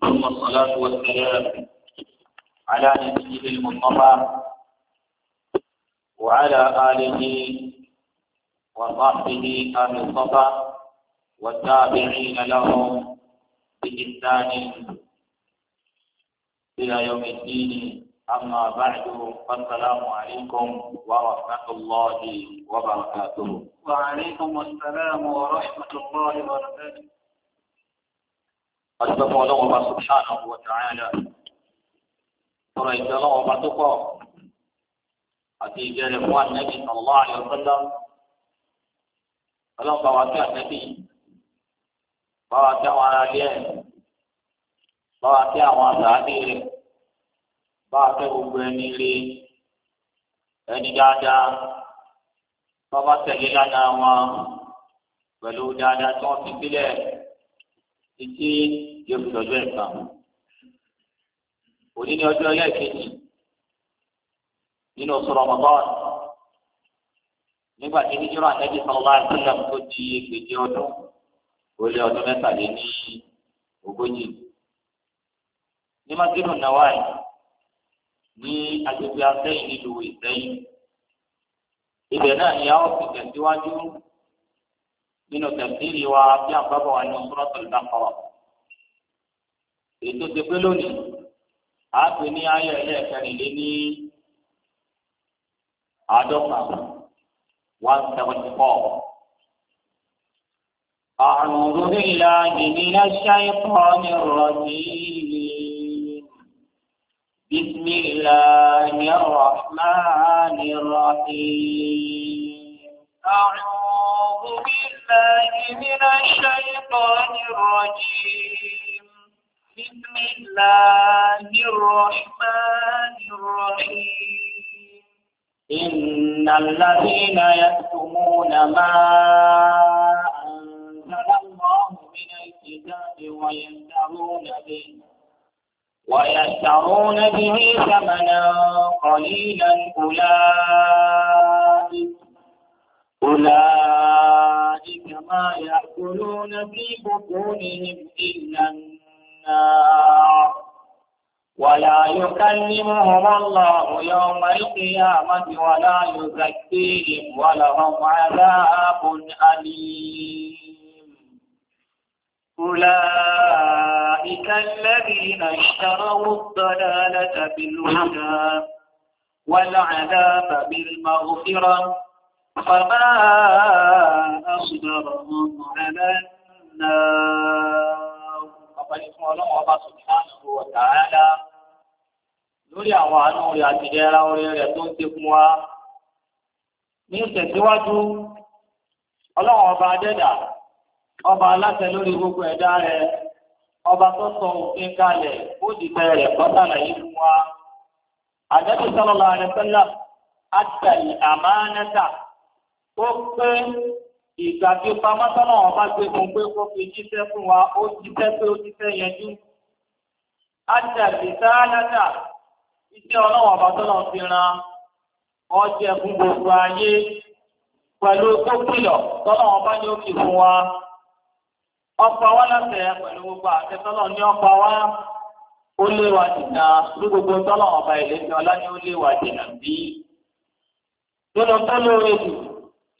ثم الصلاة والسلام على نبيه المصطفى وعلى آله وصحبه أهل الصفا والتابعين لهم بإحسان إلى يوم الدين أما بعد فالسلام عليكم ورحمة الله وبركاته وعليكم السلام ورحمة الله وبركاته àdúgbò ọlọ́wọ́ bá subhanahu wa ta'ala sọ̀rọ̀ ìjọ ọlọ́wọ́ bá tó pọ̀ àti ìjẹrẹ fún àtẹ́bí sallallahu alaihi wasallam ọlọ́wọ́ bá wà kí àtẹ́bí bá wà kí àwọn ará díẹ̀ bá wà kí àwọn àtàdé rẹ̀ bá wà kí gbogbo ẹni rí ẹni dáadáa bá wà tẹ̀lé lánàá wọn pẹ̀lú dáadáa tí wọ́n fi sílẹ̀ títí yóò fi ọjọ́ ẹ̀ka òní ní ọjọ́ ẹlẹ́ẹ̀kejì nínú oṣù Ramadan nígbà tí níjọ́ àtẹ́jú sọlá sílẹ̀ tó di ẹgbẹ̀je ọdún ó lé ọdún mẹ́tàléní ogójì ní mákìrún nawai ní agbègbè asẹ́yìn nílùú ìsẹ́yìn ibẹ̀ náà ni a ó fi tẹ̀síwájú nínú tẹ̀síìrì wa bí àbábọ̀ wa ní Suratul Baqarah ètò ti pé lónìí a pè ní ayọ̀ ẹlẹ́ẹ̀kẹrìnlé ní àádọ́fà one seventy four. أعوذ بالله من الشيطان الرجيم بسم الله الرحمن الرحيم أعوذ بالله من الشيطان الرجيم بسم الله الرحمن الرحيم إن الذين يكتمون ما أنزل الله من الكتاب ويشترون به ويشترون به ثمنا قليلا أولئك أولئك ما يأكلون في بطونهم إلا النار ولا يكلمهم الله يوم القيامة ولا يزكيهم ولهم عذاب أليم أولئك الذين اشتروا الضلالة بالهدى والعذاب بالمغفرة فما أصبرهم على النار ọpẹ́ ní fún ọlọ́run ọba subhanahu lórí àwọn àánú rẹ̀ àti ìdẹ̀ra orí rẹ̀ tó ń ọba adẹ́dà ọba aláṣẹ lórí gbogbo ẹ̀dá ọba tó sọ òfin kalẹ̀ ìgbà tí ó pamọ́ sọ́nà wọn bá gbé fún pé kó fi jíṣẹ́ fún wa ó jíṣẹ́ pé ó jíṣẹ́ yẹjú. ájà lè sáájà iṣẹ́ ọlọ́wọ́n bá sọ́nà ti ran ọjẹ́ fún gbogbo ayé pẹ̀lú tó kìlọ̀ sọ́nà wọn bá ní ó kì fún wa. ọ̀pọ̀ wa láti ẹ̀ pẹ̀lú gbogbo àti sọ́nà ní ọ̀pọ̀ wa ó léwà dìnnà bí gbogbo sọ́nà ọ̀bà ìlẹ́sìn ọlá ni ó léwà dìnnà bí. nínú tó lóore jù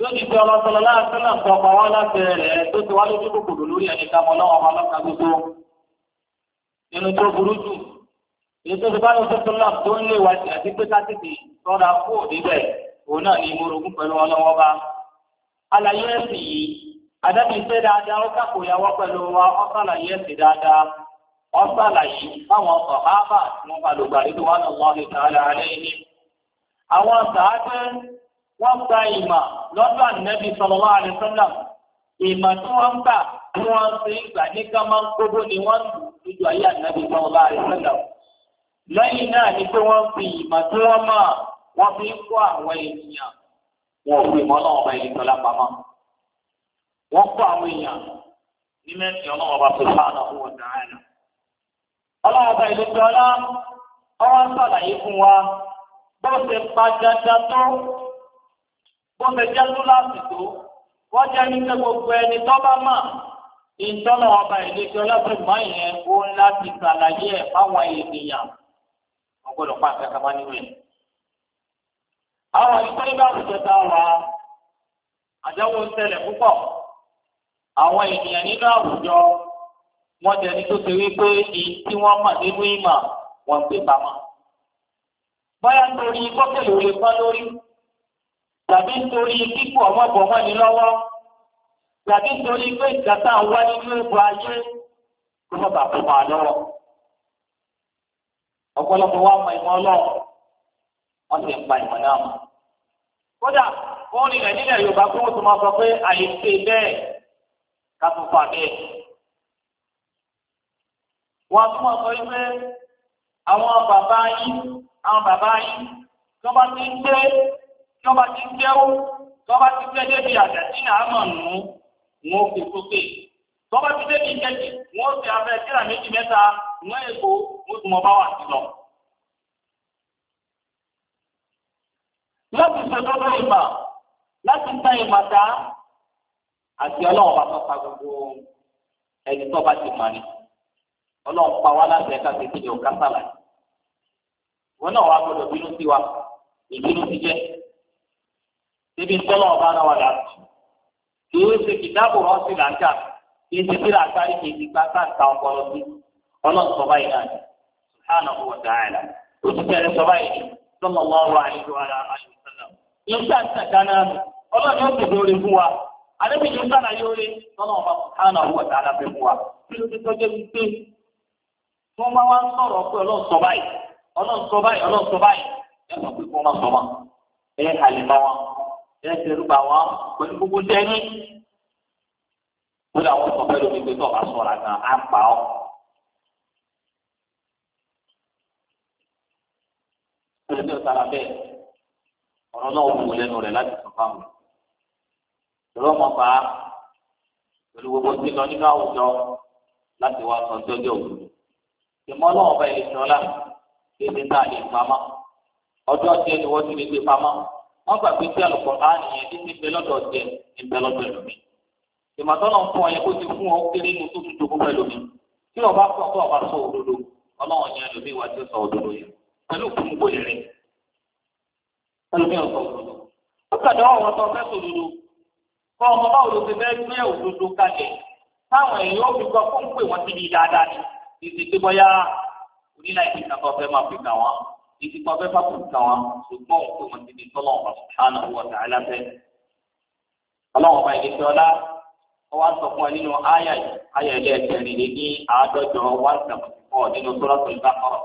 lórí ti ọlọ́ sọlọ láti sọlọ sọ pàwọ́ láti rẹ̀ tó ti wá lójú kòkòrò lórí ẹni ká ọmọ lọ́wọ́ ọlọ́ka gbogbo nínú tó burú jù èyí tó ti bá lọ sọsọ lọ tó ń lé wa jù àti pé káṣíkì sọ́ra na níbẹ̀ òun náà ni mo rogún pẹ̀lú ọlọ́wọ́ bá. àlàyé ẹ̀sìn yìí ṣe dáadáa ó ìyàwó pẹ̀lú wa ó sàlàyé ẹ̀sìn dáadáa ó sàlàyé wọ́n gba ìmọ̀ lọ́dọ̀ ànẹ́bí sallallahu alaihi wasallam ìmọ̀ tí wọ́n gbà tí wọ́n ti ń gbà ní gánmá gbogbo ni wọ́n lù lójú ayé ànẹ́bí sallallahu alaihi wasallam lẹ́yìn náà ni pé wọ́n fi ìmọ̀ tí wọ́n mọ̀ wọ́n fi ń kó àwọn ènìyàn wọn fi mọ́ náà ọba ìlú tọ́lá pamọ́ wọ́n kó àwọn èèyàn ní mẹ́tì ọlọ́wọ́ bá tó sáà náà fún wa bó wọ́n fẹ́ jẹ́ tó lásìkò wọ́n jẹ́ ní pé gbogbo ẹni tó bá mà ìtọ́nà ọba ìlẹ́jọ́ ọlọ́pàá ìmọ̀ yẹn ó ń láti ṣàlàyé ẹ̀ fáwọn ènìyàn wọ́n gbọ́dọ̀ pa àṣẹ kama níwèé. àwọn ìpín bá wùjọ ta wà àdáwò ń tẹ̀lẹ̀ púpọ̀ àwọn ènìyàn nínú àwùjọ wọ́n jẹ́ ní tó ṣe wípé èyí tí wọ́n mà nínú ìmọ̀ wọ́n gbé pamọ́. báyà torí kọ́kẹ́lì ò tàbí nítorí kíkù ọmọbọmọ ni lọ́wọ́ tàbí nítorí pé ìgbàtà ń wá nínú egbò ayé kó má bàa fún wa lọ́wọ́. ọ̀pọ̀lọpọ̀ wa mọ ìmọ̀ ọlọ́run wọ́n sì ń pa ìmọ̀ náà mọ̀. kódà wọ́n rìnlẹ̀ nílẹ̀ yorùbá kó wọ́n tún máa sọ pé àyèké bẹ́ẹ̀ ká tún fà bẹ́ẹ̀. wọ́n tún máa sọ pé àwọn bàbá yín àwọn bàbá yín tó bá ti ń gbé tọ́ba ti jẹ́wó tọ́ba ti jẹ́ débi àjàtí àmọ̀ nù wọn fi sókè tọ́ba ti débi ìjẹ́jì wọn fi abẹ́ tíra méjì mẹ́ta wọn èkó wọn tún ọba wà sí lọ. láti ṣètọ́jú ìgbà láti ta ìmàdá àti ọlọ́run bá tọ́ka gbogbo ẹni tọ́ba ti mọ̀ ni ọlọ́run pa wá láti ẹ̀ka tètè ní ọ̀kásàlà wọn náà wà gbọdọ̀ bínú sí wa ìbínú ti jẹ́ níbi ìkọlọ ọba náà wà láti kìí ṣe kìdáàbò wọn sí làájà kìí ṣe kíra àgbáyé kìí ti gbá sáǹtà ọpọlọ sí ọlọ́run sọ báyìí náà sùhánà owó dáhàlà ó ti bẹ̀rẹ̀ sọ báyìí lọ́mọ wọn wà nínú ara àyè sọ́nà yóò sáǹtà dáná ọlọ́run yóò tètè orin fún wa àdébí yóò sáǹtà yóò rí lọ́nà ọba sùhánà owó dáhàlà fẹ́ fún wa kí ló ti tọ́jú wípé wọ́n máa wá ń sọ̀rọ̀ pé ọlọ́run sọ báyìí ọlọ́run sọ báyìí ọlọ́run sọ báyìí ẹ ẹ ṣerú bá wọn pẹ̀lú gbogbo dẹ́ni. wọ́n làwọn sọ fẹ́ lómi pé tọ́ba sọ̀rọ̀ gan á pa ọ́. ẹni tó sára bẹ́ẹ̀ ọ̀rọ̀ náà wọ́n wò lẹ́nu rẹ̀ láti sọ fáwọn. ìrọ̀ mọ̀ bá pẹ̀lú gbogbo tí lọ nínú àwùjọ láti wá sọ jọjọ òru. ìmọ̀ náà ọba ìṣọ́lá kéde náà lè pamọ́ ọjọ́ tí ẹni wọ́n ti lè gbé pamọ́ wọ́n gbàgbé sí Al-Kùránì yẹn tí ti bẹ lọ́dọ̀ jẹ ní bẹ lọ́dọ̀ ẹlòmíì ìmọ̀tọ́nà ń fún ọ yẹn kó ti fún ọ kéré inú tó tún jogún ẹlòmíì tí ọba kọ́ tó ọba sọ òdodo ọlọ́wọ́n yẹn ẹlòmíì wá tí ó sọ òdodo yẹn pẹ̀lú òkú ń gbòye rẹ̀ ẹlòmíì ọ̀sọ̀ òdodo ó kàdé ọ̀rọ̀ tó fẹ́ sọ òdodo kọ́ ọmọ báwo ló ti fẹ́ gbé òdodo kalẹ̀ táwọn èèyàn ó fi fún pé wọ́n ti di dáadáa ni ìsìnkú bọ́yá onílà ìpínlẹ̀ kan máa fi kà títí pa fẹ́ fàkùn kan wa ṣùgbọ́n òkú wọn ti di tọ́lọ̀ ọ̀pá ṣáná owó ọ̀tá aláfẹ́. ọlọ́run ọba ìdíkẹ́ ọlá ọwọ́ sọ fún ẹ nínú àyà àyà ilé ẹgbẹ̀rin lé ní àádọ́jọ one seventy four nínú sọ́lọ́tò ìbákọ̀rọ̀.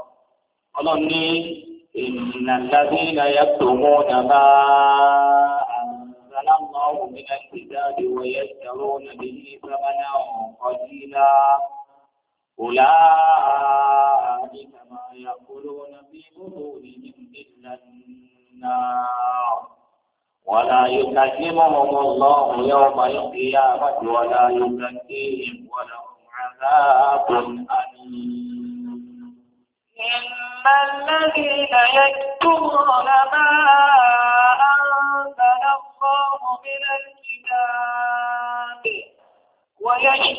ọlọ́run ní ìnàlábí náyà tó mú nàbá àǹzálàmọ́ òmìnira ìgbàdéwọ̀ yẹ أولئك ما يأكلون في بطونهم إلا النار ولا يكلمهم الله يوم القيامة ولا يزكيهم ولهم عذاب أليم إن الذين يكتمون ما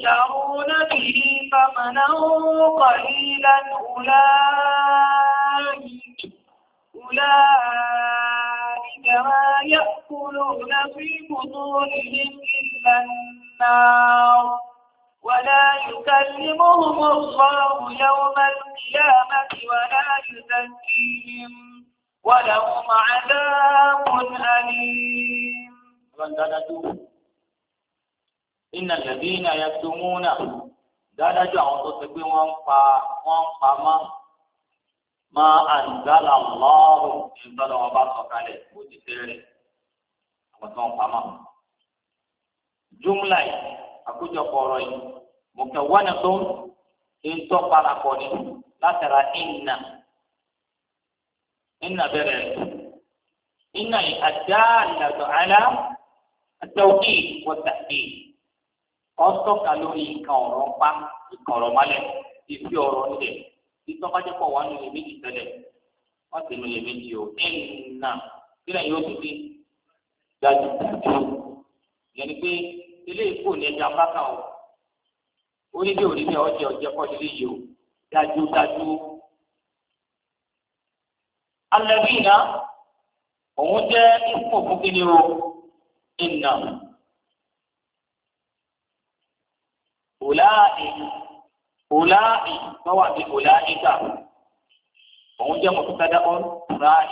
يشترون به ثمنا قليلا أولئك أولئك ما يأكلون في بطونهم إلا النار ولا يكلمهم الله يوم القيامة ولا يزكيهم ولهم عذاب أليم iná lẹ́bí iná ya tó mú náà dáadájú àwọn tó ti pé wọ́n ń pa wọ́n ń pa mọ́ máa àǹgálà lọ́rùn nígbàdà wọn bá sọ kalẹ̀ ó ti tẹ́rẹ̀ àwọn tó ń pa mọ́. jumla yìí àkójọpọ̀ ọ̀rọ̀ yìí mùkẹ́wánà tó ń tọ́ parapọ̀ ni látara iná iná bẹ̀rẹ̀ iná yìí àdáàlà tó àlá àtàwùkì wọ́n tàbí ọtọ́ka lórí nǹkan ọ̀rọ̀ pa nǹkan ọ̀rọ̀ malẹ̀ fífi ọ̀rọ̀ nílẹ̀ ìtọ́kájẹ́pọ̀ wà nílẹ̀ méjì tẹ́lẹ̀ wọ́n ti nílẹ̀ méjì o ẹ̀ǹnà kílẹ̀ yóò tún dé dájúdájú yẹni pé ilé ìkó ní ẹja bákà o oníbi òrìbí ọjẹ ọjẹ kọ́ nílé yìí o dájúdájú. alẹ́ bí iná òun jẹ́ ìfún òfin kí ni o ẹ̀ǹnà. òláì òláì tó wà ní òláì kà òun jẹ́ mọ̀tòkádá ọ́n ráì.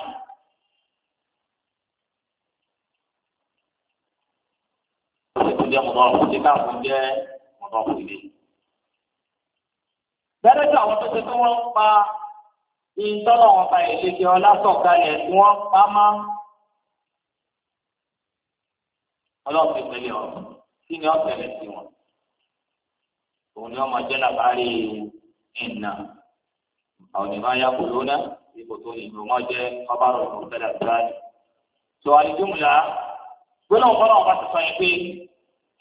Òun jẹ́ mọ̀tòkádá ọ̀hún jẹ́ káàkùn jẹ́ mọ̀tòkádá ilé. Bẹ́ẹ̀ tí àwọn tó ṣe tí wọ́n ń pa ìtọ́nà wọn pa ìlejò ọlásọ̀kalẹ̀ tí wọ́n pa máa ọlọ́ọ̀fẹ́ tẹ̀lé ọ̀rọ̀ kí ni ọ̀tẹ̀lẹ̀ sí wọn òun ni wọn máa jẹ́ làbárí ìnà àwọn ìmọ̀ ayá kò lóná ipò tó ìlú wọn jẹ́ ọba rẹ̀ kò fẹ́ làbárí. tó àdìjúmùlá gbọ́dọ̀ kọ́nà ọba ti sọ yẹn pé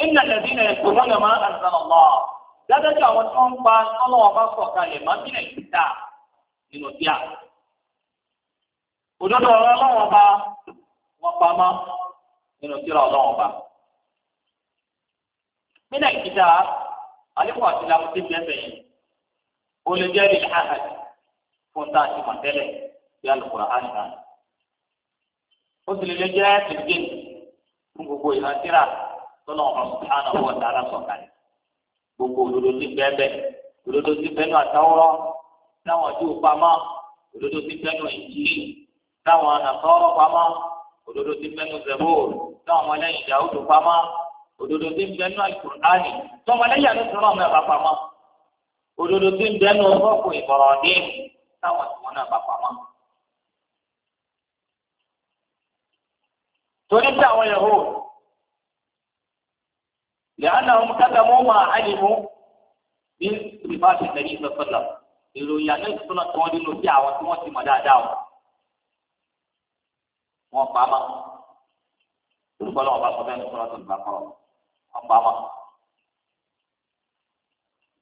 ìnà lẹ́bí náà kò lọ́nà máa ń sàn lọ́ dájọ́jọ́ àwọn tí wọ́n ń pa tọ́lọ́ ọba sọ̀kalẹ̀ máa ń bí nàìjíríà nínú bíà òdodo ọ̀rọ̀ ọlọ́run ọba wọn pamọ́ nínú tíra ọlọ́run ọba. nínú ìkìtà àlékún àti làkúté bẹ́ẹ̀ yìí ó lè jẹ́ ìlú ahad fún tá a ti mọ̀ tẹ́lẹ̀ bí alùpùpù àná náà ó sì lè jẹ́ tìǹgìn fún gbogbo ìrántírà tọ́lá ọmọ sùhánà owó ọ̀tàrà sọ̀kalẹ̀ gbogbo òdodo ti bẹ́ẹ̀ bẹ́ẹ̀ òdodo ti bẹ́ẹ̀ nù táwọn ojú pamọ́ òdodo ti bẹ́ẹ̀ nù táwọn àtàwọ́rọ́ pamọ́ òdodo ti bẹ́ẹ̀ nù táwọn ọmọlẹ́yìn ìdáwó tó pamọ́ òdodo tí ń bẹ nínú àìkúránì tọmọlẹ́yà ló ti rán ọmọ ẹ̀bá pamọ́ òdodo tí ń bẹ nínú ọgọ́kùn ìbọ̀rọ̀ ọ̀dẹ́ táwọn ìwọ̀n náà bá pamọ́. torí tí àwọn yẹ̀hó lẹ́hánà ọmọ kẹta mọ́ máa ánìmú bí ìbá ti tẹ̀lé ìfẹ́fẹ́lá ìròyìn àná ìfúnná tí wọ́n nínú sí àwọn tí wọ́n ti mọ̀ dáadáa wọn. pa á mọ́. Olùkọ́ lọ́wọ́ bá sọ bẹ́ẹ̀ ní sọ́lá tó ń bá kọ́ ọ ọ̀pá wọn.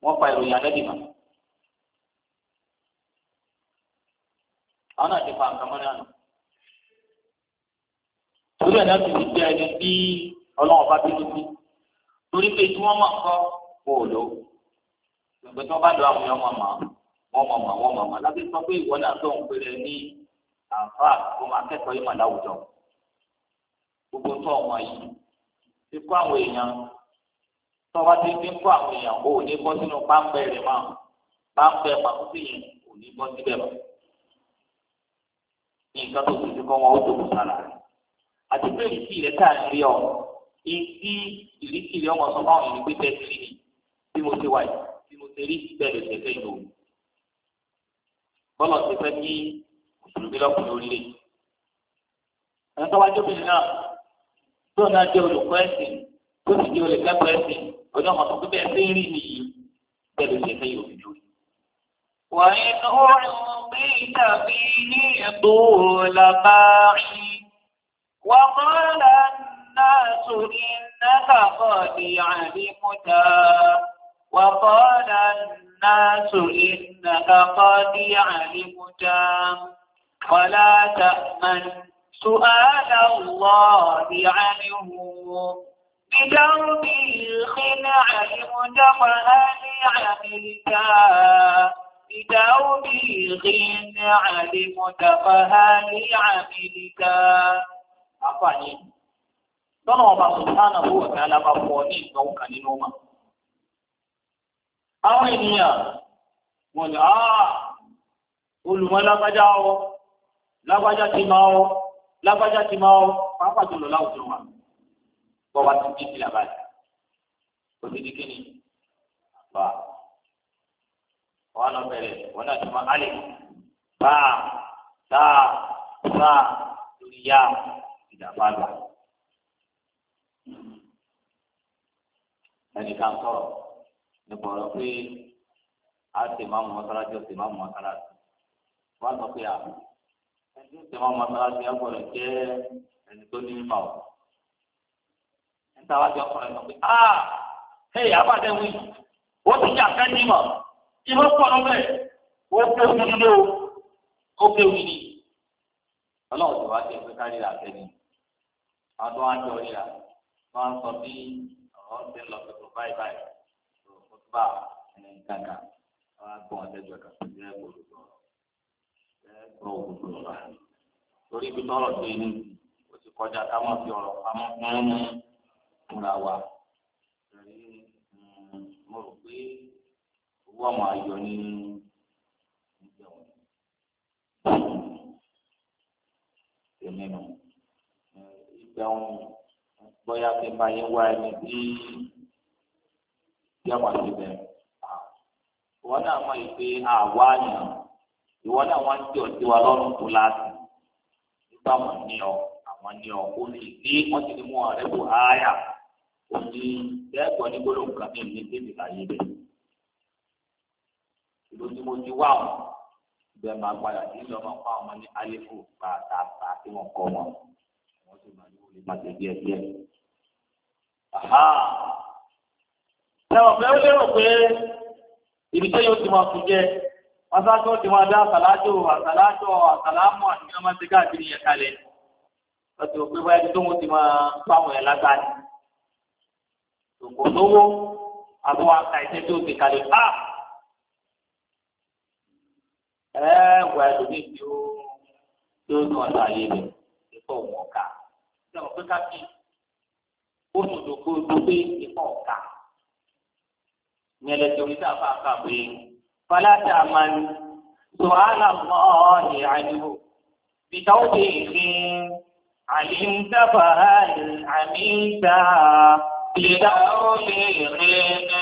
wọ́n pa ìròyìn alẹ́ dìbò. àwọn náà ti pa nǹkan mọ́ni àná. torí ẹ̀ náà ti fi jẹ́ ẹni bí ọlọ́run bá bínú sí. torí pé tí wọ́n máa ń kọ́ wò ló. gbogbo tí wọ́n bá lọ àwọn ọmọ màá wọ́n mọ̀ mọ̀ wọ́n mọ̀ mọ̀ lábẹ́ sọ pé ìwọ náà tó ń pèrè ní àǹfààní kó máa kẹ́kọ̀ọ́ yìí mà láwùjọ. gbogbo tó ọmọ yìí ti kó àwọn èèyàn tọ́wọ́ ti fi kó àwọn èèyàn kó òní bọ́ sínú páńpẹ́ rẹ̀ mọ́ páńpẹ́ pàkútì yẹn òní bọ́ síbẹ̀ mọ́. nǹkan tó tuntun kọ́ wọn ó tó kù sára rẹ̀ àti pé ìrísí rẹ̀ tá à rí ọ ìrísí ìrísí rẹ̀ ọmọ sọ fáwọn ènìyàn pé tẹ́sí ni bí mo ti wà yìí bí mo ti rí bẹ́ẹ̀ ló fẹ́ lò bọ́lọ̀ ti fẹ́ kí mùsùlùmí lọ́kùnrin ó lé. ẹ̀ tó náà jẹ́ olùkọ́ ẹ̀sìn tó sì jẹ́ olùkẹ́kọ̀ọ́ ẹ̀sìn ọjọ́ ọmọ tó bẹ́ẹ̀ sí rí nìyí bẹ́ẹ̀ ló ṣe fẹ́ yóò fi lórí. وإن أعطيت فيه طول باعي وقال الناس إنك قد علمت وقال الناس إنك قد علمت ولا تأمن سؤال الله عنه بدرب الخنع المتفهل عملتا بدرب الخنع المتفهل عملتا أفعل tọ́nà ọba sùtánà tó wà tààlà bá fọ ní ìgbàwó kan nínú ọmọ àwọn ènìyàn wọn ni àà olùmọ̀ lágbájá ọ lágbájá ti máa ọ lágbájá ti máa ọ pàápàá jùlọ láwùjọ wa bọ́ wa ti di ìlà báyìí kò ní dikẹ́ ni àgbà wọn lọ bẹ̀rẹ̀ wọn náà ti máa alẹ́ bá tá bá lórí yá ìdàgbà lọ. ẹnìkan sọ̀rọ̀ nípa ọ̀rọ̀ pé a ti máa mọ̀ ọ́ sára jọ ti máa mọ̀ ọ́ sára wọn sọ pé àbùkù ẹni tó wọn mọ́sálásí ọgbọ̀rọ̀ jẹ́ ẹni tó ní ìmọ̀ ọ́. ẹni táwa jọ ọkùnrin náà pé ah hey abáde wí ó ti jà fẹ́ ní ìmọ̀ ìmọ̀ pọ̀ lọ́bẹ̀ ó pé wí nílé o ó pé wí ni. ọlọ́run ti wá jẹ́ pé kárí rà fẹ́ ni àwọn àjọ ìyá wọn sọ bí ọ̀rọ̀ ti lọ tuntun báyìí báyìí tó bá ẹni kankan wọn á gbọ́n ọ̀dẹ́jọ́ kan sí ẹ̀kọ́ olùkọ́ ọ̀rọ̀ òkùnkùn lọ́la torí ibi tọ́rọ̀ tó inú kò sì kọjá táwọn fi ọ̀rọ̀ pamọ́ fún múra wa mm, mo rò pé owó àwọn ayọ̀ ní ìjọ wọn tèmi nù ìjẹun bóyá kí n bá wá ẹni tí yàgbà síbẹ̀ wọn náà mọ̀ pé àwa yàn ìwọ náà wọn ti ọtí wa lọ́rùn tó láti nígbà wọn ní ọ àwọn ní ọ ó ní ní wọn ti ní mú ọ̀rẹ́ bò áyà ó ní lẹ́ẹ̀kọ́ ní gbólóhùn kan ní ìlú tèmi láyé rẹ̀ ìlú tí mo ti wá wọn bẹ́ẹ̀ máa padà sí ìlú ọmọ pa ọmọ ní alifu bàtà àti wọn kọ wọn wọn sì máa ní olè má ṣe díẹ̀ díẹ̀. ṣé ọ̀fẹ́ lérò pé ibi yóò ti máa fi jẹ́ masájú ti máa dá àsàlájò àsàlájò àsàlámù àti iná máa ń ṣe káàkiri yẹn kalẹ̀ lọ́tí o pé báyìí tó tóun ti máa fáwọn ẹ̀ látàrí òkò lówó àbọ̀ àka ìṣẹ́ tó ti kalẹ̀ bá ah! ẹ wà lómi tí ó tó nù ọ̀dọ̀ ayé rẹ̀ ìfọ̀ wọn kà ṣé o pé káàkiri ó nù dòkó dòkó ìfọ̀ kà nyẹlẹ tó ní sáfà kà فلا تأمن سؤال الله عنه بتوبيخ علمت فهل عملت لتوبيخ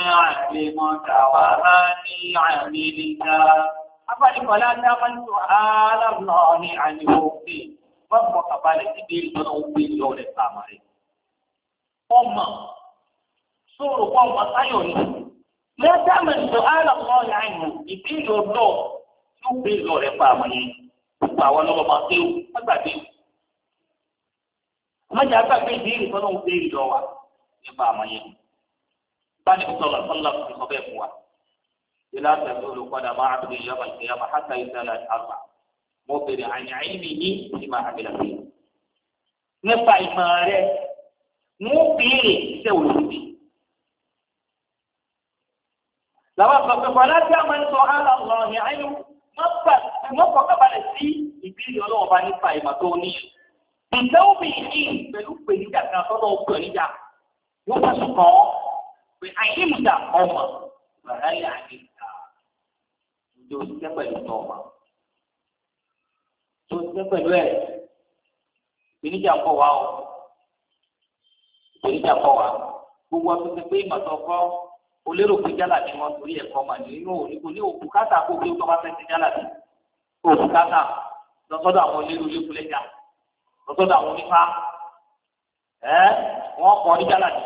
علمت وهل عملت أفل فلا تأمن سؤال الله عنه وابو قبالة بيل من أبي لولي سامري أمم سورة أمم سيوني mọ́ dámẹ̀ ìjọ àlọ́kọ́ ìrìnà ìbílò lọ tó gbé lọ rẹ̀ pa àwọn yẹn gbogbo àwọn ọlọ́wọ́ máa kéwù mọ́gbàgbé. mọ́jà gbàgbé ìbéèrè tọ́lọ́ ń béèrè lọ wa nípa àwọn yẹn. báni kò sọ̀rọ̀ sọ́lá kò sọ bẹ́ẹ̀ fún wa. ilá tẹ̀lé mo bèrè àyàn mi ní ìmọ̀ àbílà nípa ìmọ̀ rẹ̀ mo béèrè iṣẹ́ òṣèlú làwọn àgbàgbẹ́ fọlá tí a máa ń sọ hàlà ọ̀rọ̀ yẹn ayé mọ́ fọkàbalẹ̀ sí ìbílẹ̀ ọlọ́wọ́ bá nípa ìmọ̀ tó ní. ǹjẹ́ ó bì í pẹ̀lú pèníjà kan sọ́dọ̀ pèníjà yóò bá sùn kàn ọ́ pé àyè mùdà ọmọ bàrà yà á ní ìta ǹjẹ́ o ti jẹ́ pẹ̀lú tọ́ ọmọ tó o lérò pé jálàbí wọn torí ẹ̀kọ́ mà nínú òní kò ní òkú káta kó kí o tọ́ bá fẹ́ ti jálàbí òkú káta lọ́sọ́dọ̀ àwọn onírú lẹ́kùlẹ́jà lọ́sọ́dọ̀ àwọn onífá ẹ́ wọ́n kọ́ ní jálàbí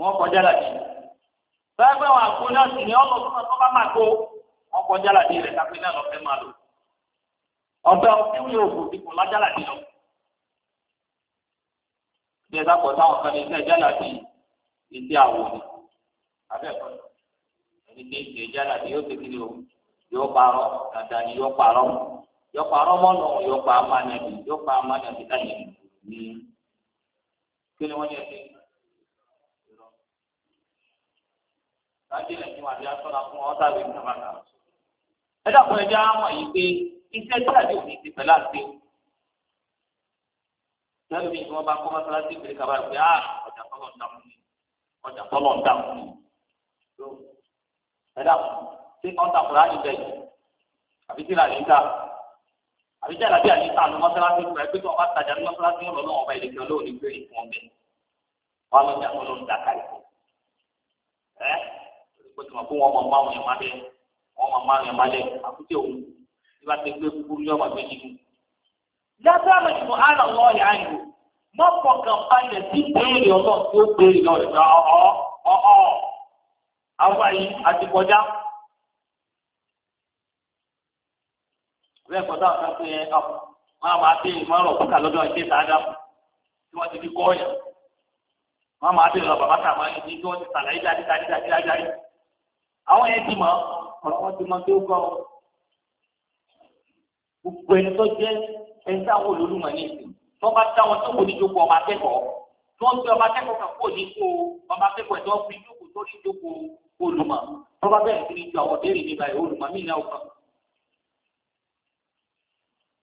wọ́n kọ́ jálàbí bẹ́ẹ̀ bẹ́ẹ̀ wọn àgbo náà sì ni ọlọ́sọ́dọ̀ tó bá máa gbó wọ́n kọ́ jálàbí rẹ̀ kápẹ́ náà lọ́fẹ́ máa lò ọ̀bẹ ọtí wíwò kò ti kò lájálàbí lọ bí ẹ etí àwọ̀ ni abẹ́ẹ̀kọ́ ẹni pé ìgbẹ́ jáde àti yóò tẹ̀lé o yóò parọ́ dada ni yóò parọ́ yóò parọ́ mọ́nà yóò pa amánàbí yóò pa amánàbí láyé ní kí ni wọ́n yẹ kí. láti ilẹ̀ tí wọ́n adé asọ́ra fún ọ́ tàbí ìjọba ẹ dàpọ̀ ẹja àwọn yìí pé iṣẹ́ tí àdé òní ti pẹ̀lú àti lẹ́nu mi ni wọ́n bá kọ́ mọ́sálásí ìpínlẹ̀ kaba pé a ah, ọjà kọ́ lọ́ọ́ dàmú ni ọjà tọ́lọ̀ ń dàkú ẹ dàkú tí wọ́n dàkú láàyè bẹ́ẹ̀ yìí àbí tí làlẹ́ ń ta àbí tí àlàbí àlẹ́ ń ta àwọn mọ́sálásí rẹ̀ pé tí wọ́n bá tajà ní mọ́sálásí wọn lọ́wọ́ ọba ìlẹ̀kẹ́ olóòní pé ìfún ọbẹ̀ wọn lọ jà tọ́lọ̀ ń dàkà ìfún ẹ kó tí wọn kó wọn mọ mọ àwọn èèyàn má dé wọn mọ mọ àwọn èèyàn má dé àkútẹ òun bí ti gbé kúkúrú yọ wọ́n fọkàn balẹ̀ sí béèrè ọlọ́run tí ó béèrè lọ ìgbà ọ̀họ́ ọ̀họ́ àwa yìí àti kọjá. lẹ́ẹ̀kọ́ táwọn kan pé ẹ káàpọ̀ wọ́n á máa béèrè wọ́n rọ̀ kúkà lọ́dọ̀ ẹgbẹ́ sáájà tí wọ́n ti fi kọ́ ọ̀yà wọ́n máa béèrè ọ̀bà bàtà máa ní tí wọ́n ti sàlàyé dájú dájú dájú dájú. àwọn yẹn ti mọ̀ ọ̀rọ̀ ti mọ pé ó kọ́ gbogbo ẹni tó bá dá wọn tó kò ní jókòó ọmọ akẹ́kọ̀ọ́ tó ń gbé ọmọ akẹ́kọ̀ọ́ kan kò ní kó ọmọ akẹ́kọ̀ọ́ tó ń fi jókòó tó ní jókòó olùmọ̀ tó bá bẹ̀rẹ̀ sí ní ju àwọn béèrè nígbà yìí olùmọ̀ mí náà kàn.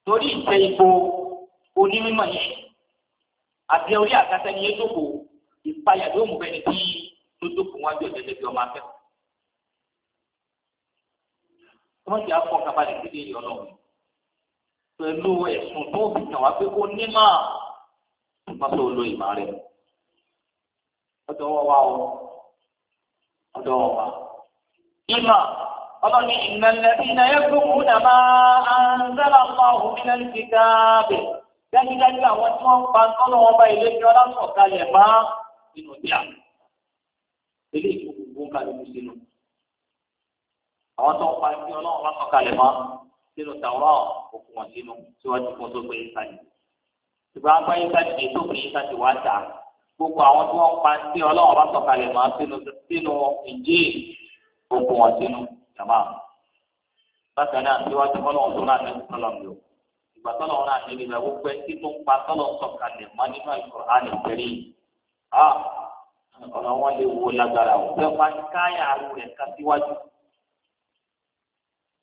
torí ìtẹ ipò onímọ̀ yẹn àti orí àkàtà ni yẹn ìpayà yóò mú bẹni tí tó jókòó wọn jọ bí ọmọ akẹ́kọ̀ọ́ pẹ̀lú ẹ̀sùn tó fi kàn wá pé kó nímọ̀ nípa tó lo ìmọ̀ rẹ̀ ọ̀dọ̀ wọ́n wá o ọ̀dọ̀ wọ́n wá. ìmọ̀ ọlọ́ni ìnàlẹ́bí náà yẹ kó kú nà máa ń sábà máa hù mí lẹ́nu ti dáàbẹ̀ dájúdájú àwọn tí wọ́n pa tọ́lọ́ wọn bá ilé ìjọ lásán kalẹ̀ má nínú ìyá ilé ìjọ gbogbo ń kalẹ̀ mú sínú àwọn tó ń pa ìjọ náà lásán kalẹ̀ má sínú tàwọn òkú wọn sínú síwájú kan tó gbé yíká ni ṣùgbọ́n agbá yíká ti dé tó gbé yíká ti wá dà gbogbo àwọn tí wọ́n pa sí ọlọ́run bá sọ̀kalẹ̀ mọ́ sínú sínú ìjì òkú wọn sínú jàmá bákan náà síwájú kan tó náà ní sọlọ mi o ìgbà tọ́lọ̀ náà ní ìgbà gbogbo ẹtí tó ń pa tọ́lọ̀ sọ̀kalẹ̀ mọ́ nínú Al-Qur'an Al-Karim ah! ọ̀rọ̀ wọn lè wo lágbára o fẹ́ wá káyà àrùn rẹ̀ ká síwájú.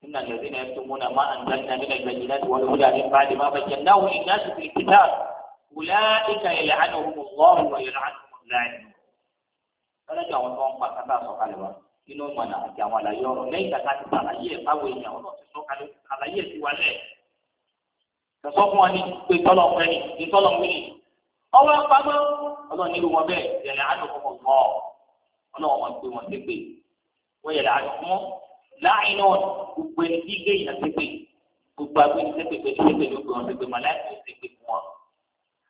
إن الذين يكتمون ما أنزلنا من البينات والهدى من بعد ما بيناه للناس في الكتاب أولئك يلعنهم الله ويلعنهم اللاعنون ọlọ́jà àwọn tó ń pa sábà sọ̀kalẹ̀ wa nínú ìmọ̀nà àti àwọn àlàyé ọ̀rọ̀ lẹ́yìn ìgbà tá a ti sàlàyé ẹ̀ báwo èèyàn ọ̀nà ti sọ̀kalẹ̀ àlàyé ẹ̀ ti wà lẹ̀. sọ̀sọ́ fún wa ní pé tọ́lọ̀ pẹ́ ni ní tọ́lọ̀ pẹ́ ni ọwọ́ pamọ́ ọlọ́ọ̀ni irú wọn bẹ́ẹ̀ yẹ̀lẹ̀ àdùnkùn mọ̀ ọlọ́wọ́n wọn pé wọn ti pè wọ́n yẹ̀lẹ̀ àdùnkùn mọ́ láàyè náà gbogbo ẹni tí gbé yàn sépè gbogbo agbẹni sépè pé sépè ló gbé wọn sépè màláìkì ló sépè fún wọn.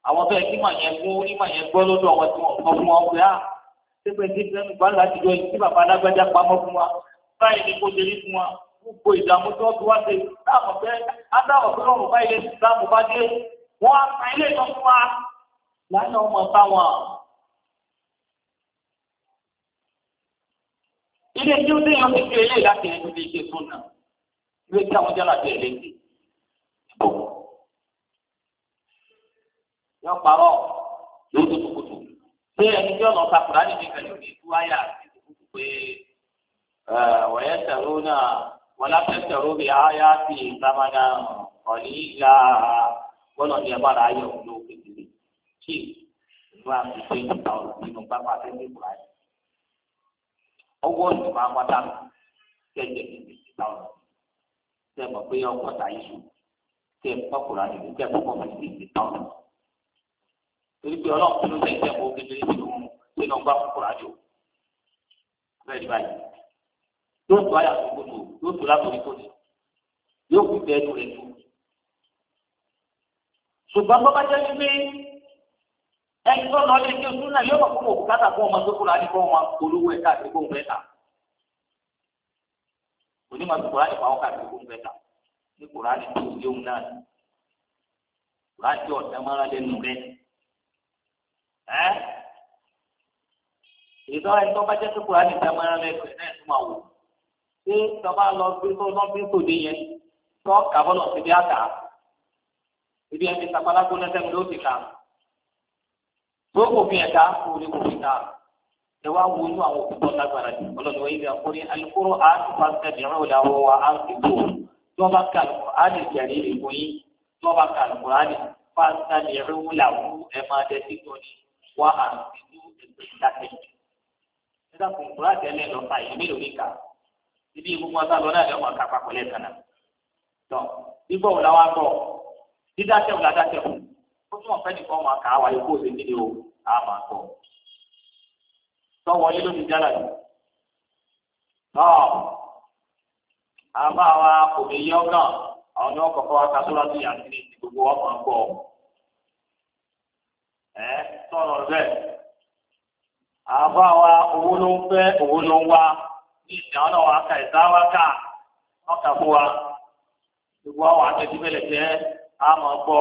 àwọn bẹ́ẹ̀ kí màá yẹn fún onímọ̀ yẹn gbọ́ lọ́dọ̀ àwọn tí wọ́n kọ́ fún wọn pé á sépè tí fẹ́ mi bá láti jọ ìdí bàbá alágbájá pamọ́ fún wa báyìí ni kò ṣe rí fún wa gbogbo ìdààmú tó ti wá ṣe láàmú pé ilé tí ó dé àwọn ojú ilé láti ẹni tó ṣe fún náà ìwé tí àwọn jọlá ti ẹlẹ́ ti bò yọ parọ́ yóò tó tukutu pé ẹni tí ọ̀nà kakura nìyí kan yóò di tú ayà tukutu pé wọ́yẹ tẹ̀rọ náà wọ́n láti tẹ̀rọ bí ayá ti gbàmánà ọ̀ní ìlà gbọ́dọ̀ ní ẹ̀bá rà ayọ̀ ló kékeré tí ìlú àti pé ìgbà ọ̀rọ̀ nínú pápá tẹ́lẹ̀ ọwọ́ ìjọba pátá kẹjẹ kẹjẹ táwọn tẹ mọ̀ pé ọgọ́ta iṣu tẹ pọ́kùnrin àdìgbò tẹ pọ́kùn mi kẹjẹ táwọn torí pé ọlọ́run ló tẹ̀ tẹ̀ mọ́ kékeré sínú sínú ọgbà pọ́kùnrin àdìgbò bẹ́ẹ̀ ni báyìí yóò tó àyà tó gbogbo yóò tó látòrí tó ní yóò kú tẹ́ ẹnu rẹ̀ tó ṣùgbọ́n bọ́ jẹ́ pé ẹni tó lọ lé kí o tún náà yóò fún òkú kátà fún ọmọ tó kúrò àdìgbò wọn olówó ẹ̀ka àdìgbò ń bẹ́ta onímọ̀ tó kúrò àdìgbò àwọn ká àdìgbò ń bẹ́ta ní kúrò àdìgbò yóò náà kúrò àdìgbò ọ̀tẹ̀ mọ́ra lẹ́nu rẹ̀ ẹ́ ìtọ́ ẹni tó bá jẹ́ pé kúrò àdìgbò mọ́ra lẹ́nu rẹ̀ náà tó máa wò ṣé tọ́ba lọ bí tó lọ́ bí kò dé yẹn tọ́ kàbọ́lọ̀ síbi àtà ibi ẹni sàpálágbó gbogbo òfin ẹ̀dá orí òfin náà ẹ wá wo inú àwọn òfin tó lágbára jù ọlọ́ni wọ́n yíyan kó ní alukóró àtúntò àtẹ̀bìrán ò láwọ́ wa á ti bò tí wọ́n bá ka àlùkò á lè jẹ̀rí èkó yín tí wọ́n bá ka àlùkò á lè fa sálẹ̀rú làwù ẹ̀ máa dẹ sí tó ní wá à ń fi tú ètò ìdákẹ́. ẹ dákun kúrò àtẹlẹ lọ fà yìí mélòó níka ibi gbogbo ó tún ọ̀fẹ́ nìkan máa kà á wáyé kó o ṣe nílé o á máa kọ́ ló ti àbá wa kò ní yọ náà àwọn ní wọn kọ́kọ́ wa sí ní wa ẹ wa owó ló ń owó ló ń wá ní náà wà wa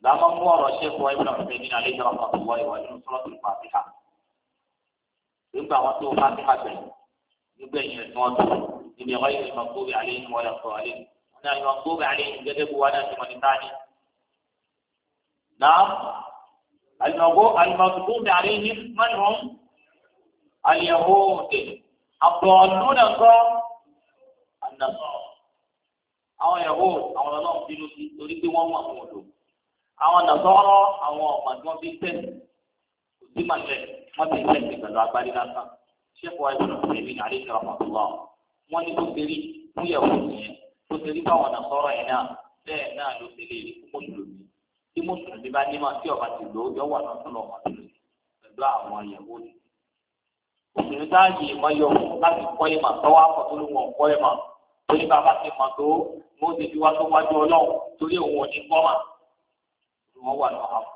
لما مورا الشيخ وابن عثيمين عليه رحمة الله وعليه سورة الفاتحة يبقى وقت الفاتحة يبقى يسمعون من غير المغضوب عليهم ولا الضالين أنا المغضوب عليهم جذب وأنا ثمن ثاني نعم المغضوب عليهم من هم اليهود الضالون النصارى أو يهود أو الله بنوتي تريد وما هو àwọn nàtọ́rọ́ àwọn ọ̀mọ̀gbọ́n bíi tẹ́lẹ̀ kò sí màlẹ̀ wọ́n ti tẹ́lẹ̀ pẹ̀lú agbárí lásán ṣẹ́kọ̀ ẹ̀sìn tẹ̀lé àrí ìrọ̀mọ̀tòlọ́ wọ́n ní tó tẹ̀lé fúyẹ̀wò yẹn tó tẹ̀lé báwọn nàtọ́rọ́ yẹn náà bẹ́ẹ̀ náà ló tẹ̀lé rí fún mùsùlùmí tí mùsùlùmí bá ní màá tí ọba ti lò ó yọ wà lọ́sọ̀lọ́ pẹ̀lú àwọn ìyàwó ni òṣèlú táàyè ìmọ̀ yọ láti kọ́ ìmọ̀ tọ́wọ́ àpọ̀tólówó ọ̀kọ́ ìmọ̀ torí bàbá ti mọ̀ tó mọ́ tí wọ́n wà lọ́wọ́ àbọ̀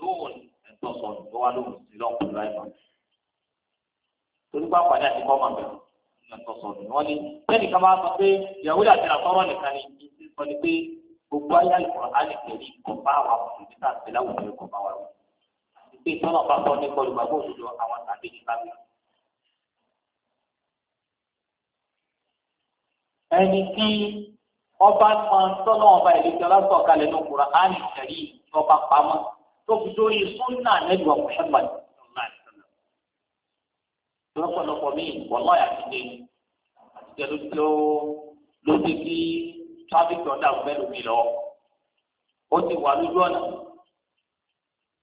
lóhùn ẹ̀tọ́ sọ̀rọ̀ tó wá lóhùn sí lọ́kùnrin láì mọ̀. torí pé àpàdé àti kọ́ máa bẹ̀rù ẹ̀tọ́ sọ̀rọ̀ ni wọ́n ní bẹ́ẹ̀ni ká máa sọ pé ìyàwó àti àtọ́rọ̀ nìkan ni ìdí sọ ni pé gbogbo ayé àlùkò àlùkèrí kò bá wa kùn níta sí láwùjọ kò bá wa lọ. ìgbé ìtọ́nà bá sọ ẹni tí ọba kan tọ́lọ́ ọba ìlẹ́jọ́ lásán kalẹ̀ ní òkúra á ní ìtẹ̀lé ọba pamọ́ tó fi dórí súnà nẹ́dùn ọkọ̀ ṣẹ́gbà lọ́pọ̀lọpọ̀ míì wọ́lọ́ àtijọ́ àtijọ́ ló ló ti kí tráfíkì ọ̀dà ọ̀gbẹ́ lómi lọ. ó ti wà lójú ọ̀nà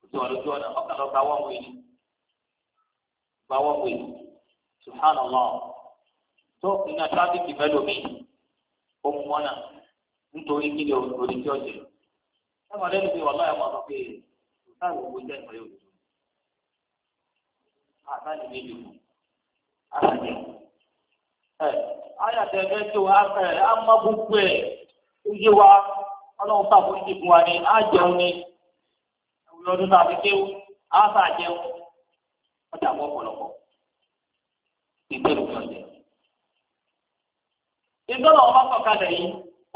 ó ti wà lójú ọ̀nà ọ̀kan lọ́ọ́ gba wọ́n wé ni gba wọ́n wé ni subhanallah tó iná tráfíkì bẹ́ lómi. n'otu mú mọ́nà nítorí kí ni o nítorí kí ọ̀jẹ̀ ẹ̀wọ̀n lẹ́nu pé wàhálà ẹ̀wọ̀n sọ pé táwọn owó jẹ́ ìpínlẹ̀ òdòdó àtàlẹ́ méjì kù àtàlẹ́ tó gbogbo ẹ̀ ó yé wa ọlọ́run fún wa ni á jẹun ni ọdún á sà jẹun ọjà ìgbẹ́rù ìgbọ́dọ̀ ọba sọ̀kalẹ̀ yìí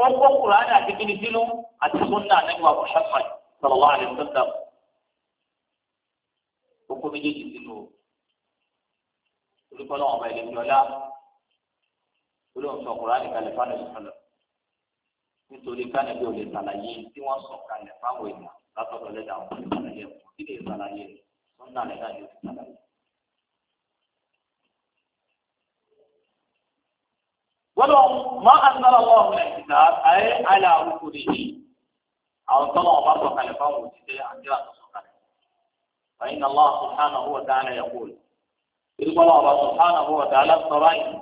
ó kó kùránì àti kíni sínú àti sunna nígbà Muhammad sallallahu alaihi wasallam ó kó méjèèjì sínú orúkọ náà ọba ìlẹ̀ ìjọlá olóhùn sọ kùránì kalẹ̀ fáwọn ìṣẹ̀lẹ̀ nítorí kánẹ̀bí ò lè ṣàlàyé tí wọ́n sọ kalẹ̀ fáwọn èèyàn látọ̀dọ̀ lẹ́dà àwọn ìṣẹ̀lẹ̀ kí lè ṣàlàyé sunna lẹ́dà yóò ṣàlàyé. ولو ما أنزل الله من الكتاب أي على رسله أو طلع برضه عليه وسلم فإن الله سبحانه وتعالى يقول إذ الله سبحانه وتعالى الصرائن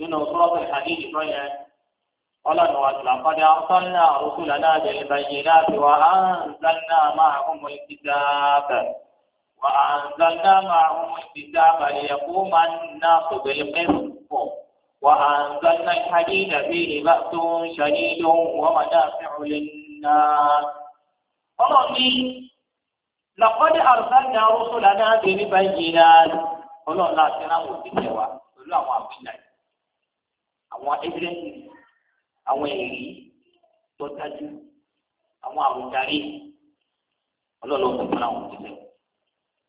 من سورة الحديد فهي قال لقد أرسلنا رسلنا بالبينات وأنزلنا معهم الكتاب وأنزلنا معهم الكتاب ليقوم الناس بالقسط وأنزلنا الحديد فيه بأس شديد ومنافع للناس ọlọ́ọ̀ni lọ́kọ́dé àrùsáàjà rúṣùlá náà dé ní báyìí náà ọlọ́ọ̀la àti ráwọ̀ òṣìṣẹ́ wa pẹ̀lú àwọn àbílẹ̀ àwọn ẹ́fídẹ́ǹsì àwọn ẹ̀rí tó dájú àwọn àwùjárí ọlọ́ọ̀la òṣìṣẹ́ fún àwọn òṣìṣẹ́.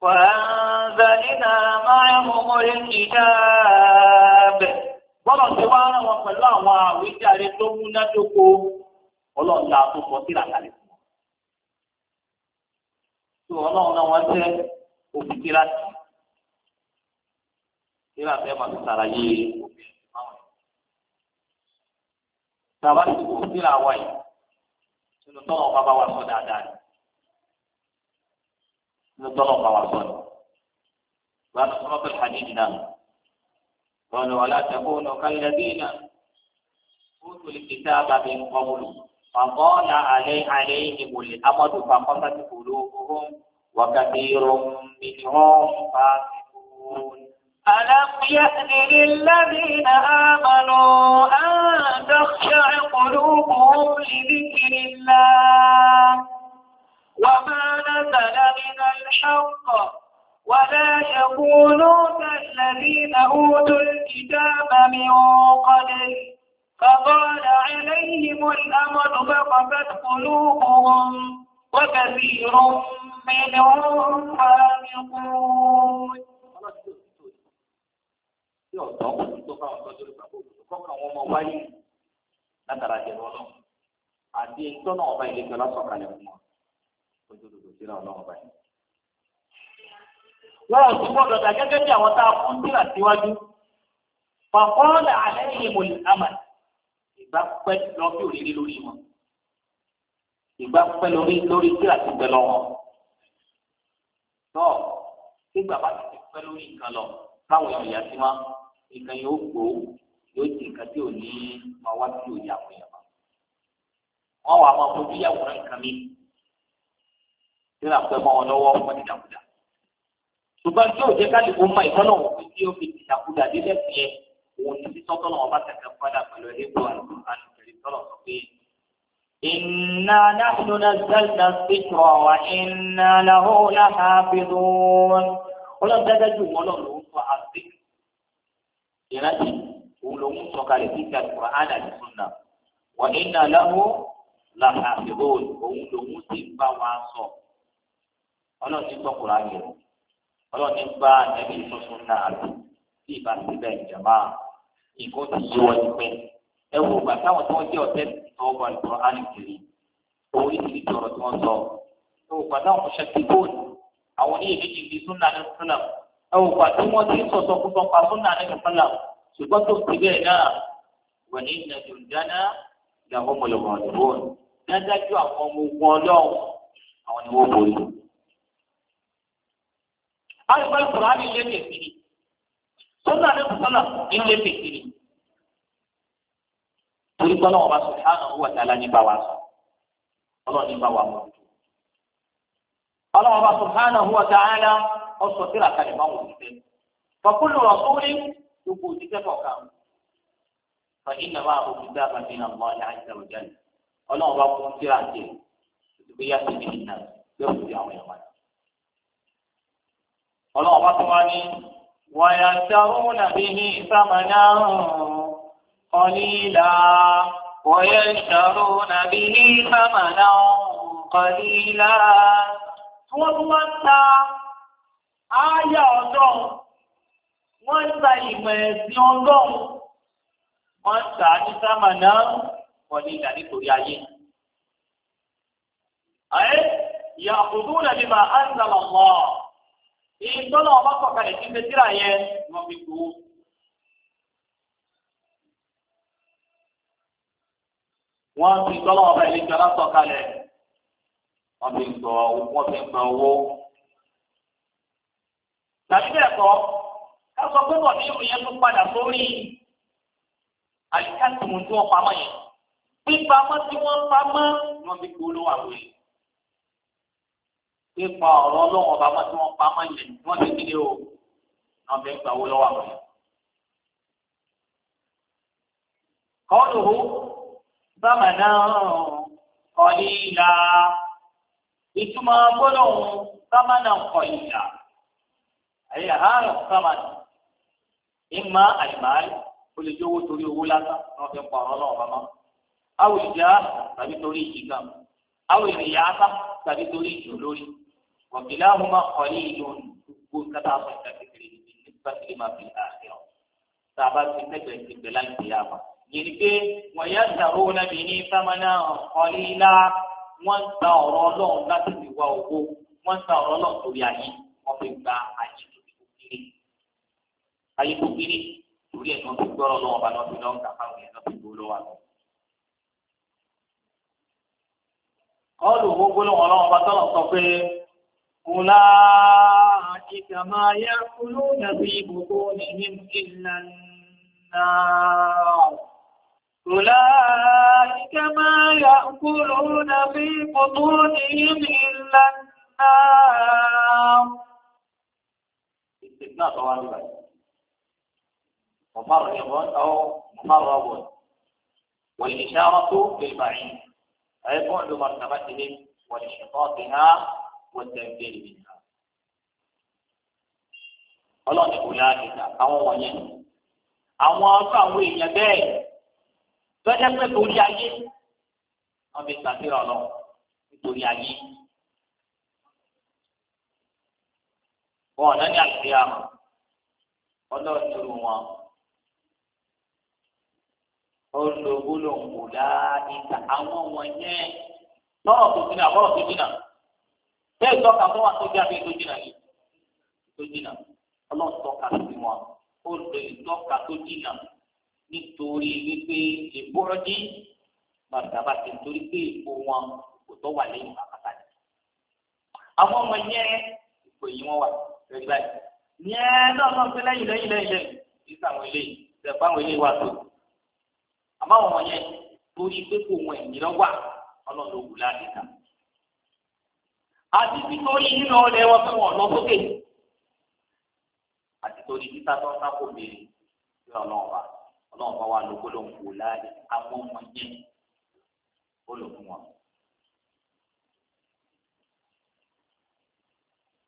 وأنزلنا معهم الكتاب bọ́lọ̀ ti wá rán wọn pẹ̀lú àwọn àwíjàre tó múnádóko ọlọ́run la tó sọ sí làkàlẹ̀ fún wọn. tí ọlọ́run náà wọ́n tẹ́ òfin kíláàsì kíláàsì ẹ̀ máa ti sàlàyé òfin ẹ̀sìn máa wọ̀nyí. tàbá ti kò sí làwọn yìí nínú tọ́lọ̀ bàbá wa sọ dáadáa ni nínú tọ́lọ̀ bàbá wa sọ ni. bá a lọ sọ́nà pẹ̀lú hadith náà. قال ولا تكونوا كالذين أوتوا الكتاب من قبل فطال علي عليهم الأمد فقست قلوبهم وكثير منهم فاسقون ألم يهد للذين آمنوا أن تخشع قلوبهم لذكر الله وما نزل من الحق ولا يكونوا كالذين أوتوا الكتاب من قبل فطال عليهم الأمر فقفت قلوبهم وكثير منهم فارقون yóò lásọ̀kalẹ̀ fún wọn ojú lòdò síra ọlọ́run báyìí lọ́rọ̀ tó gbọ́dọ̀ dà gẹ́gẹ́ bí àwọn tá a fún síra síwájú. Fàkọ́ọ̀lẹ̀ alẹ́ yìí mo lè àmà ìgbà pẹ́ lọ bí òrìrì lórí wọn. Ìgbà pẹ́ lórí lórí síra ti pẹ́ lọ wọn. Tọ́ sígbà bá ti ti pẹ́ lórí nǹkan lọ káwọn èèyàn ti wá nǹkan yóò gbó yóò di nǹkan tí ò ní máa wá sí òye àwọn èèyàn mọ́. Wọ́n wà máa fojú ìyàwó rẹ̀ nǹkan mi. Síra pẹ́ mọ́ wọn lọ́wọ́ fún ìdàkúdà ṣùgbọ́n tí òjẹ́ káàdì kó mọ ìtọ́nà òun fi tí ó fi ìṣàkúdà nílẹ̀ sí ẹ òun ní títọ́ tọ́nà ọba tẹ̀kẹ́ padà pẹ̀lú ẹ̀dẹ́gbọ́ àlùkẹ́rì tọ́lọ̀ sọ pé. إنا نحن نزلنا الذكر وإنا له لحافظون ọlọ́run dáadáa ju wọn lọ́run lòún sọ àti ìrántí òun lòún sọ kalẹ̀ sí ìjà Qur'an àti sunna wa inna lahu lahafizun òun lòún sì bá wa sọ ọlọ́run ọlọ́ọ̀ni bá nẹ́bí tuntun náà lò tí ìbá síbẹ̀ ìjàmbá nǹkan ti yé wọn ti pẹ́ ẹ wo ìgbà táwọn tí wọ́n jẹ́ ọ̀tẹ́ ọgbà ìtọ́ ánìkiri owó ìdílé ti tí wọ́n sọ ẹ wo ìgbà táwọn ọ̀ṣẹ́ ti bóòlù àwọn oníyèméjì bíi súnà ní sùnà ẹ wo ìgbà tí wọ́n ti sọ̀tọ̀ kútọ́ pa súnà ní sùnà ṣùgbọ́n tó ti bẹ́ẹ̀ náà wọ́n ní ìnàjò ìdáná ìyàwó àìpẹ́ ìkùrá ní ilé kẹ̀kiri sọ́nà ní sọ́nà ní ilé kẹ̀kiri. torí kọ́nà ọba subhanahu wa ta'ala ní bá wa sọ ọlọ́ọ̀ni bá wa mọ̀ ọlọ́ọ̀ba subhanahu wa ta'ala ọsọ síra kalẹ̀ máa wọ̀ síbẹ̀ fọkúlù rọ̀súrí gbogbo òṣìṣẹ́ kọ̀ọ̀kan fàyín náà máa bọ̀ síta àbàtì náà mọ́ ní àìsàn òjá ni ọlọ́ọ̀ba kún ọlọ́run bá tún wá ní wàyà sáwọn nàbí ní sàmánà kọlílà wàyà sáwọn nàbí ní sàmánà kọlílà. wọ́n tún wá ń ta ááyà ọlọ́run wọ́n ń ta ìmọ̀ ẹ̀sìn ọlọ́run wọ́n ń ta ní sàmánà kọlílà nítorí ayé. ayé yàkùdúnà bímà ánzàlọ́mọ́ ìtọ́lọ̀ ọba kọ̀kalẹ̀ tí mẹsìrà yẹn wọ́n fi gbowó. wọ́n fi tọ́lọ̀ ọba ìlẹ́jọ́ alásọ̀kalẹ̀ wọ́n fi gbọ́ wọ́n fi gbọ́ owó. tàbí bẹ́ẹ̀ kọ́ ká sọ pé wọ́n ní ìròyìn tó padà sórí àyíká tòun tí wọ́n pamọ́ yẹn. pípamọ́ tí wọ́n pamọ́ ni wọ́n fi gbowó lọ́wọ́ àwọn pípa ọ̀rọ̀ ọlọ́wọ́n ọba wọn tí wọ́n pa mọ́ ilẹ̀ wọ́n ti kéde o náà fẹ́ gbà owó lọ́wọ́ àwọn yẹn. kọ́ọ̀lù bàmà náà kọ́lí ìlà ìtumọ̀ gbólóhùn bàmà náà kọ́lí ìlà àyè àárọ̀ bàmà náà ìmọ̀ àyèmáyé o lè jówó torí owó lásán náà fẹ́ pa ọ̀rọ̀ ọlọ́wọ́n ọba mọ́ àwòrán ìjà tàbí torí ìjìgàm àwòrán ìyá tàbí torí ìjò lórí. وكلاهما قليل يكون كذا أصلا كثير بالنسبة لما في الآخرة سابات في بلا القيامة يلقي ويذرون به ثمنا قليلا wọ́n gba ọ̀rọ̀ ọlọ́run láti fi wá owó wọ́n gba ọ̀rọ̀ ọlọ́run torí ayé wọ́n fi gba ayé tó fi kiri ayé tó kiri torí ẹ̀ tó fi gbọ́rọ̀ lọ́wọ́ ọba lọ́sí lọ́wọ́ kàkà òun yẹn lọ́sí gbó lọ́wọ́ àlọ́. kọ́ọ̀lù owó gbólóhùn ọlọ́run ọba tọ́lọ̀ sọ pé أولئك ما يأكلون في بطونهم إلا النار أولئك ما يأكلون في بطونهم إلا النار استثناء طوال مفرغ أو مفرغ والإشارة بالبعيد أي بعد مرتبتهم وانشطاطها wọ́tẹ́gbẹ́ ìdìbò. ọlọ́ọ̀ni kò láàdìgbà àwọn wọ̀nyẹn àwọn ọ̀tọ̀ àwọn èèyàn bẹ́ẹ̀ fẹ́lẹ́ pẹ́ torí ayé wọ́n fi gbàdúrà lọ nítorí ayé. wọn ọ̀nà ní àgbẹ̀ àmọ́ ọlọ́ọ̀tún wọn olùgbòlòǹgbò láàdìgbà àwọn wọ̀nyẹn lọ́rọ̀ tó ti nà lọ́rọ̀ tó ti nà bẹ́ẹ̀ tọ́ka tó wà tó jáde tó jìnnà yìí tó jìnnà ọlọ́run tọ́ka sí wọn ó lè tọ́ka tó jìnnà nítorí wípé ìbúrọ́dí bàtàbà ti torí pé ipò wọn kò tọ́ wà lẹ́yìn bàbá rẹ̀. àwọn ọmọ yẹn ipò yìí wọ́n wà lórí báyìí yẹn náà náà pé lẹ́yìn lẹ́yìn lẹ́yìn lẹ́yìn ìsà àwọn eléyìí ìsẹ̀fọ́ àwọn eléyìí wà tó. àmọ́ àwọn ọmọ yẹn torí pé kò wọn ìnira wà ọlọ́run ló wù láti àti títorí nínú ọlẹ wọn fún wọn lọ sókè àti torí títa tó ń sáko mèrè sí ọlọ́run wa ọlọ́run bá wà lóko ló ń wò láàyè amóhùn yẹn ó lò fún wọn.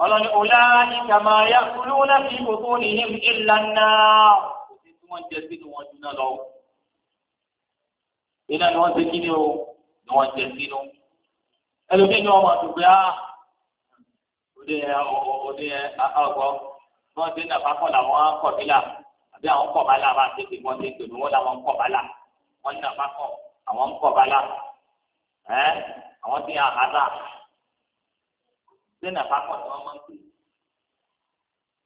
ọlọ́ni ọ̀la ìkà máa yá kúlú náà fi kókó nìyẹn ìlànà òsì tí wọ́n jẹ sínú wọn jùlọ lọ. iná ni wọ́n ti kí ni o ni wọ́n jẹ sínú. ẹlòmíín ni wọ́n máa dùn pé á. Ah, òde òde ọgbọ wọn ti nàfà kọ làwọn kọbílà àbí àwọn kọbálà bá ti fi wọn ti tòlú wọn làwọn kọbálà wọn nàfà kọ àwọn kọbálà ẹ àwọn ti hàn hàdà ṣé nàfà kọ ni wọn máa ń pè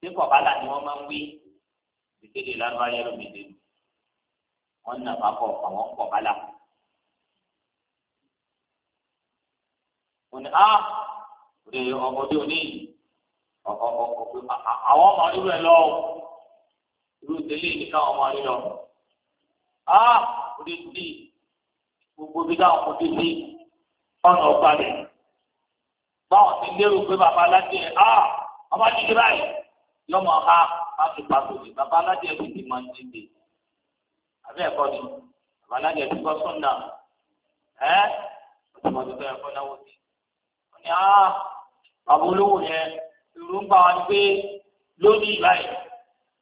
ṣé kọbálà ni wọn máa ń wí ìkéde lánàá yẹlò mèdè wọn nàfà kọ àwọn kọbálà. Oni a ah, ní ọmọdé òní àwọn ọmọ irú ẹ lọ irú tẹlẹ nìkan ọmọ rẹ lọ á orí ti gbogbo bí káwọn ọmọdé sí ọ̀nà ọba rẹ báwọn ti lérò pé bàbá aládé ẹ á ọmọ jíjẹ báyìí yọmọ ha má fi pàtó ní bàbá aládé ẹ sì ti máa ń tètè àbẹ́ ẹ̀kọ́ ni bàbá aládé ẹ ti kọ́ sọ́nà ẹ́ ọtí wọn ti bẹ̀rẹ̀ fọ́nà wọ́n ti wọ́n ni á bàbá olówó yẹn ìlú ń bá wa pé lónìí báyìí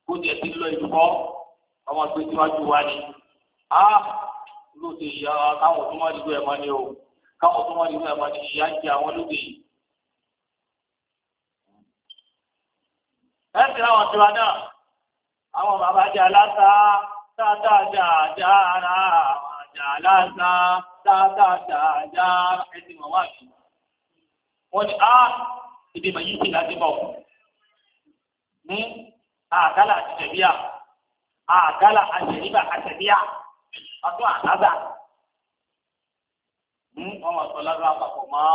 kó tiẹ̀ ti lọ ìlú kọ́ ọmọ pé tíwájú wa ni á lóde ìyá káwọn tó máa dìbò ẹ̀ máa ní o káwọn tó máa dìbò ẹ̀ máa ní ìyá ń jẹ àwọn lóde yìí. ẹ ti ráwọn tiwa náà àwọn bàbá jẹ aláta tata jàjà ara àjà aláta tata jàjà ẹ ti mọ̀ wá sí i wọ́n ní áá ah, ibi màyí ti láti bọ̀ ní àgálà àtẹ̀bíà àgálà àtẹ̀bíà àtẹ̀bíà àtún àlágbà ní ọmọ ìtọ́lágbà papọ̀ mọ́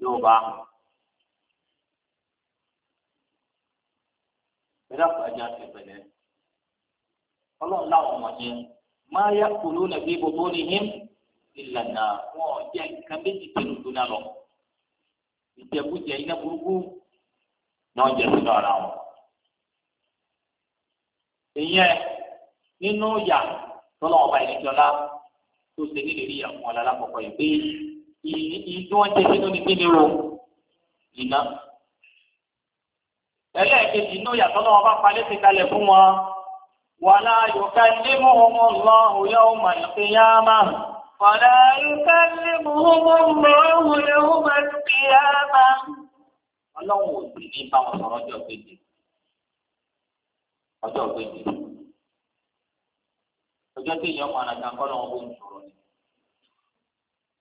Yorùbá. Bẹ́ẹ̀ kọ́ ẹja ti bẹ̀rẹ̀. Ọlọ́run láwọn ọmọ yẹn máa yá kúrú nàbí gbogbo nìyẹn ìlànà wọn jẹ́ nǹkan méjì tẹ̀lé lọ ìjẹkújẹ iná burúkú náà jẹ sínú ara wọn. ìyẹn nínú ìyà tọ́lọ́ ọba ìdíjọlá tó ṣe nílé rí àwọn alákọ̀ọ́kọ́ yìí pé ìdí wọn jẹ sínú ní kíni o iná. ẹlẹ́ẹ̀kejì inú ìyà tọ́lọ́ ọba palẹ́ ti kalẹ̀ fún wọn. wàlá yòókà ní mọ́hùnmọ́ lọ́hùn yóò mọ̀ ní kíyámà. ولا يكلمهم الله يوم القيامة ọlọ́run ò sì ní bá wọn sọ̀rọ̀ ọjọ́ kejì ọjọ́ kejì ọjọ́ kejì ọmọ àràkà kọ́ lọ́wọ́ bó ń sọ̀rọ̀ ni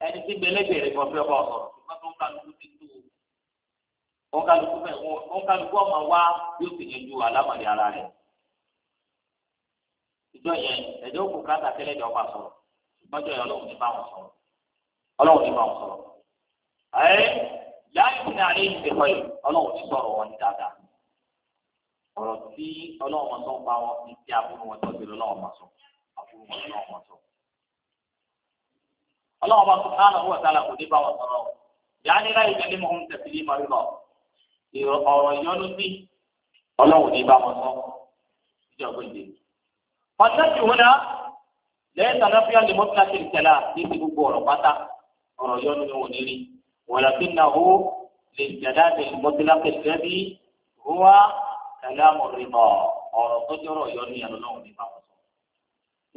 ẹni tí gbẹlẹ́gbẹ̀rẹ̀ kan fẹ́ bá ọ̀sọ̀rọ̀ ṣùgbọ́n tó ń kálukú ti tú ó ń kálukú fẹ́ ó ń kálukú ọmọ wa yóò sì yanjú alámọ̀lẹ́ ara rẹ̀ ìjọ yẹn ẹ̀jẹ̀ òkú kátà tẹ́lẹ̀ jọ pa sọ̀rọ̀ ìgbọ́jọ́ yẹn ọlọ́run ní bá wọn sọ̀rọ̀ ọlọ́run ní bá wọn sọ̀rọ̀ ẹ láì ní àlẹ́ ìgbẹ́kọ̀ yìí ọlọ́run ní sọ̀rọ̀ wọn ní dáadáa ọ̀rọ̀ tí ọlọ́run máa sọ ń pa wọn ní tí aburú wọn tọ́jú lọ́wọ́ máa sọ aburú wọn lọ́wọ́ máa sọ. ọlọ́run máa sọ káàlà owó ọ̀tá làkò ní bá wọn sọ̀rọ̀ yàrá ìlà ní mọ̀rìlọ̀ ọ̀rọ̀ lẹ́yìn tàlàfíà lè mọ́tò láti rí tẹ̀lá níbi gbogbo ọ̀rọ̀ pátá ọ̀rọ̀ yọ nínú òní rí wọ̀lá tí nà ó lè jàdá lè mọ́tò láti rí tẹ̀lá bí wá tẹ̀lá mọ̀rin mọ̀ ọ̀rọ̀ tó jọ̀rọ̀ yọ ní ẹ̀rọ náà ní báwọn sọ.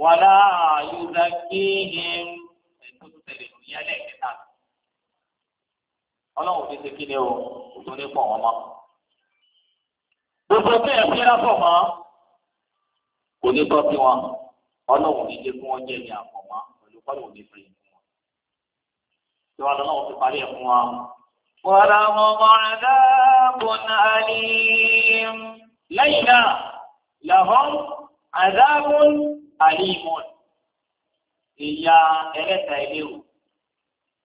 wàlá yóòdà kéhìn ètò tẹ̀lé ìyálẹ̀ kẹta ọlọ́run ti ṣe kí ni o òtún ní pọ̀ wọn mọ́. gbogbo bẹ́ẹ̀ fẹ́ràn pọ̀ mọ́ kò ní tọ́ sí wọn ọlọ́wọ̀n ní jẹ́ kí wọ́n jẹ́ ní àkọ́mọ́ pẹ̀lú kọ́lọ́wọ̀n ní fún ìlú wọn. tí wọ́n lọ́wọ́ ti parí ẹ̀ fún wa. wọ́lá ọmọdé bùn àlìm lẹ́yìn náà làwọn àdáàbùn àlìmọ̀ ìyá ẹlẹ́ta ilé o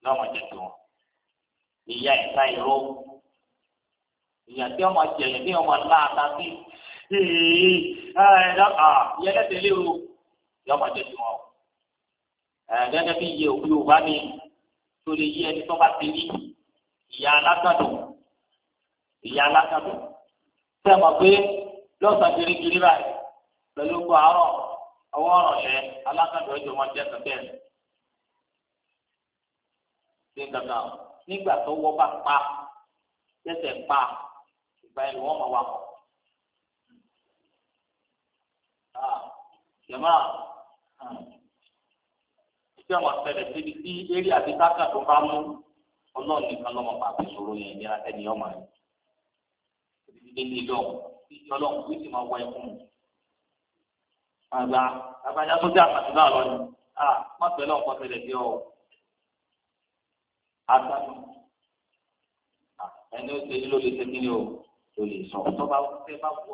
lọ́mọ jẹ tó wọn ìyá ẹ̀ta ìró ìyá tí ọmọ jẹ̀yẹ̀ tí ọmọ láàta sí ẹ̀ẹ́dá ìyá ilé o yọ ọmọdé tí wọn o gẹ́gẹ́ bí iye òkú yorùbá mi tó lè yí ẹni tó bá ti rí ìyá alágbàdo ìyá alágbàdo tẹ́ mọ̀ pé lọ́sàn kirikiri báyìí pẹ̀lú kó àárọ̀ ọwọ́ ọ̀rọ̀ yẹn alágbàdo ẹjọ́ wọn jẹ́ kẹ́kẹ́ rẹ̀ ṣe dandan nígbà tó wọ́ bá pa tẹ́sẹ̀ pa ìgbà ẹ̀rù wọn mọ̀ wà kọ́ iṣẹ́ wọn ṣẹlẹ̀ síbi tí eré àti káàkà tó bá mú ọlọ́run nìkan lọ́mọ pàtó ìṣòro yẹn ní ẹni ọmọ rẹ̀ ìdílé lọ sí ọlọ́run tó sì máa wọ ẹkún àgbà àgbàjá tó dé àpàtúndà lọ ni à má pẹ́ lọ́wọ́ kan ṣẹlẹ̀ sí ọ àtàkùn ẹni ó ṣe ló lè ṣe kíni o ló lè sọ tó bá wọ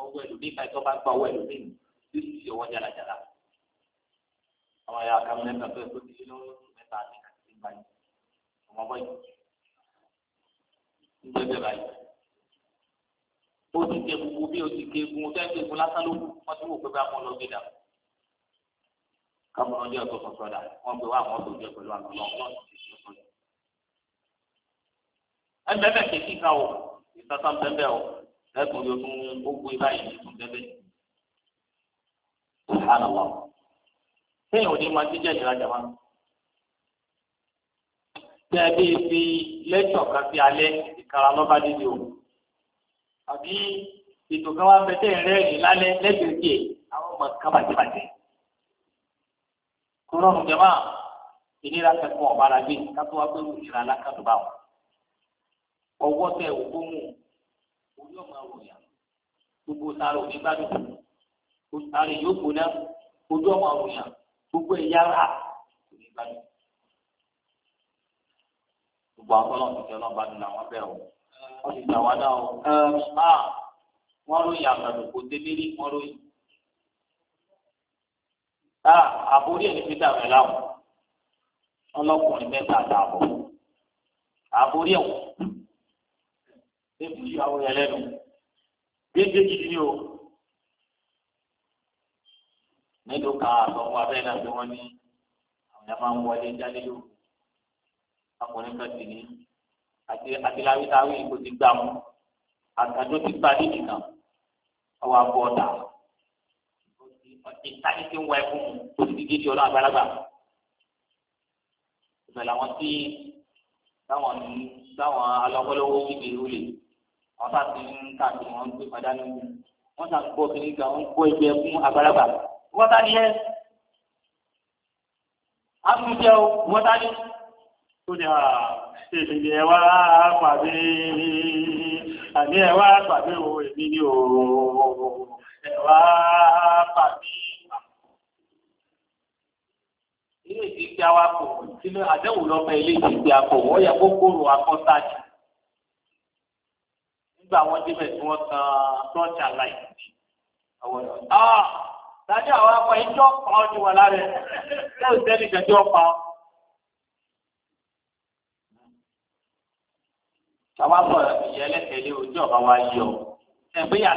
ọwọ́ ẹlòmíì ká tó bá ọwọ́ ẹlòmíì yóò sì àwọn ẹ̀yà kan lẹ́nu ẹ̀fẹ́ tó ti lọ mẹ́ta àti kàkiri báyìí ọmọ bọ́ yìí ń gbẹ́gbẹ́ báyìí ó ti ké gbogbo bí ó ti ké gun ó fẹ́ ké gun lásán ló wọ́n ti wò pé bá wọn lọ gbé dà káwọn ọjọ́ ọ̀tọ̀ sọ̀tọ̀ dà wọ́n gbé wá àwọn ọ̀tọ̀ jẹ́ pẹ̀lú àná lọ́wọ́ ẹgbẹ́ bẹ́ẹ̀ kékeré ká o ìtọ́sán bẹ́ẹ̀ o lẹ́kùn yóò tún ó gbé báyìí tún bẹ́ẹ̀ bẹ́ẹ̀ téèyàn ò ní máa jíjẹ́ ìrajà wa. tẹ́ ẹ bí fi lẹ́tọ̀ kan sí alẹ́ ìkara lọ́ba dídì o àbí ètò kan wá ń bẹ tẹ́ ẹ rẹ́ẹ̀rì lálẹ́ lẹ́gbẹ̀ẹ́ tiẹ̀ àwọn ọmọ kan bàjẹ́bàjẹ́. kúrọ́ọ̀nù jẹ́ máa ìnira kẹ́kọ̀ọ́ ọ̀bára gbé kátó wá pé ìnira alákàtó bá wà. ọwọ́ tẹ òkú mú orí ọmọ àròyìn gbogbo sáré òní gbádùn ojú yóò gbóná ojú ọmọ àròyìn gbogbo ìyára kò ní bá yẹn gbogbo àwọn ọlọ́run ti tẹ ọlọ́run bá dùn àwọn bẹ́ẹ̀ o wọ́n ti gbà wá náà o wọ́n ròyìn àgbàdo kò délé wọ́n ròyìn àbórí ẹni fi dàbẹ láwọn ọlọkùnrin mẹ́ta àtààbọ̀ àbórí ẹwọn ebi ìyàwó yẹn lẹ́nu gbégbé gidi ni o nílùú kan àtọ̀hún abẹ́rẹ́ náà tí wọ́n ní àwọn yẹn máa ń wọlé jáde lóru ọkùnrin kan sì ní àtìláwítáwí kò ti gbà mú àgbàdo ti gbà ní nìkan ọwọ́ abọ́ ọ̀dà ìtàkì ti ń wọ ẹkún mu tó ti dídí ọlọ́ àgbàlagbà ìbẹ̀ làwọn tí táwọn táwọn alọ́kọ́lọ́wọ́ yìí lè rúlẹ̀ wọ́n sá ti ń káàkiri wọn ń gbé padà nínú wọ́n sá ń gbọ́ kiri gan ń gbọ́ ẹgbẹ́ fún àgbàlagbà wọ́n tani yẹ amúnjẹ o wọ́n tani ó ní èmi ẹ wá pàdé àní ẹ wá pàdé o èmi ni o ẹ wá pàdé. ilé ìdí tí a wá kò sínú àdéhùn lọ́pẹ́ ilé ìdí tí a kò wọ́n yẹ kó kóró akọ́sájì nígbà wọn débẹ̀ tí wọ́n tan tọ́ọ̀tì aláìsí àwọn ọ̀dọ́. Tàbí àwọn akọ ìjọ pa ọ wà lára ẹ̀. Lẹ́yìn sẹ́ni kẹjọ pa ọ. Àwọn akọ lẹ́tẹ̀lé ojú ọ̀bá wa yọ. Ẹ̀gbẹ́ yà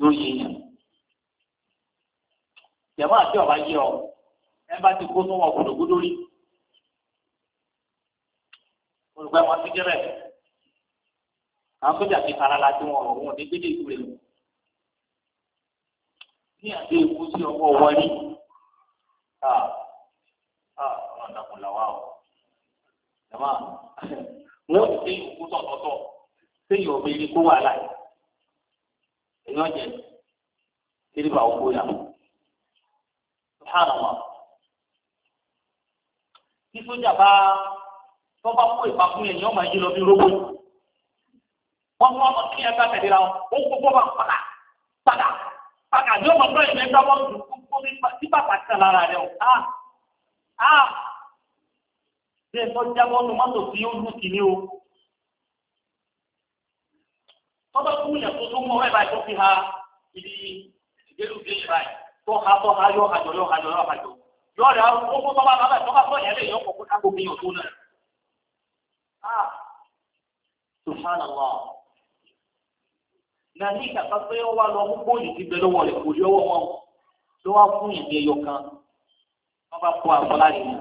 ló yẹ yẹn. Ìjẹ̀mọ́ àti ọ̀bá yẹ ọ. Ẹ bá ti kó tó wọ gbódògbódò rí. Olùgbẹ́ wọn ti jẹ́ Àwọn sójà ti fara la tí wọn ò ní gbé ní àti ikú sí ọwọ́ wọlé a a wọn dàkún là o jama wọn ti sẹ́yìn ikú tọ̀tọ̀tọ̀ sẹ́yìn ọ̀bẹ ilé kó wà láì èèyàn jẹ kíríbà owó yà subhanahu wa kí sójà bá tọ́ba kó ìpàkúnyẹ yẹn ọmọ ẹ̀yìn lọ bí robo wọn mú ọmọ kí ẹ bá tẹ̀lé ra wọn ó kó bá ń padà padà pàkàdé ọmọ tó ẹ̀mẹ́ dábọ́ dùkú sí pàtàkì kan lára rẹ̀ ọ̀tá. a ṣe é tó jábọ́ nu mọ́tò tí ó lù kìíní o. tọ́jọ́ tó wúyẹ̀ tó tó mọ́ ẹ̀bá tó fi ha ibi ìgbélú bí ìrà ẹ̀ tó ha tó ha yọ àjọ yọ àjọ yọ àjọ. yọ rẹ̀ ó kó tọ́ba subhanallah nàní ìkàkà pé ó wá lọ mú bóòlù ti bẹ lọ́wọ́ rẹ̀ kò rí ọwọ́ wọn ló wá fún ìdí ẹyọ kan wọ́n bá kó àfọlá yìí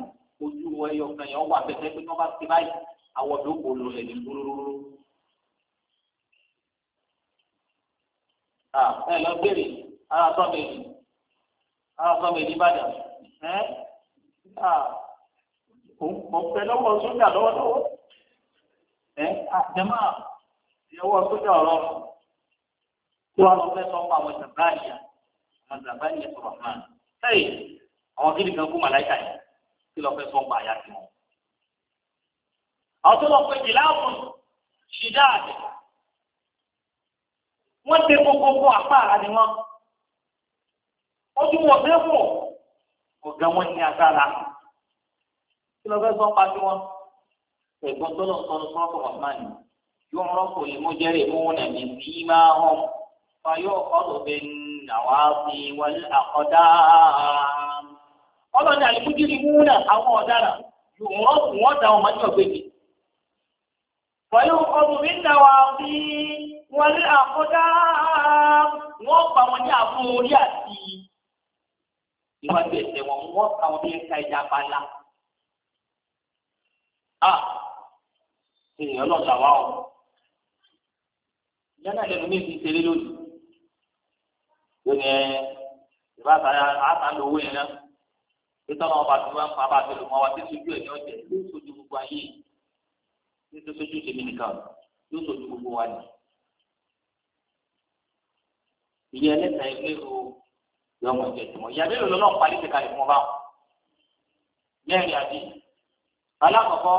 ojú ẹyọ kan yẹn wà pẹ́pẹ́ pé wọ́n bá ti báyìí àwọn tó kò lò lẹ́yìn gbólóró. ẹ lọ béèrè ara sọ́mi èdè ara sọ́mi èdè ìbàdàn ẹ́ ọ̀pẹ lọ́wọ́ sójà lọ́wọ́lọ́wọ́ ẹ́ àtẹ̀mọ́ ìyẹ̀wò sójà ọ̀rọ̀ tí wọ́n lọ fẹ́ sọ fún àwọn zabaniya àwọn zabaniya sọ̀rọ̀ hàn ẹ̀yìn àwọn kí nìkan kú màláìka yìí kí lọ fẹ́ sọ fún àyà tí wọn. àwọn tó lọ pé jìláàbù ṣìdá àdè wọ́n dé gbogbogbò apá ara ni wọ́n ojú wọn bẹ́ẹ̀ wọ̀ ọ̀gá wọn ní agbára kí lọ fẹ́ sọ fún àti wọn ẹ̀gbọ́n tó lọ sọ ní sọ́kọ̀ ọ̀sán yìí yóò rọ́pò ìmújẹ́rẹ̀ ìmúhùn nàbí sí máa hàn. فيؤخذ بالنواصي والأقدام ọlọ́run ní al-mujrimūn àwọn ọ̀daràn yòòrán fún wọn dáhùn máa ń yọ gbèdé. pẹ̀lú ọmọ mi náà wá sí wọn ní àkọ́dá wọn pa wọn ní àfún orí àti ìwádìí ẹ̀sẹ̀ wọn wọn pa yánà lẹ́nu mi ti ṣeré lónìí ló ní ìbá àtàlù owó yẹn náà bí tọ́lá ọba tó bá ń fa tó lò mọ́ wa tí sojú ẹ̀ ní ọ̀jẹ̀ ló sojú gbogbo ayé ní tó sojú tèmi nìkan ló sojú gbogbo wa nì. ìyá ẹlẹ́sà ẹgbẹ́ o yọ ọmọ ìjẹ tìmọ̀ ìyá mélòó lọ́nà parí ti kalẹ̀ fún ọba wọn mẹ́rin àti alákọ̀ọ́kọ́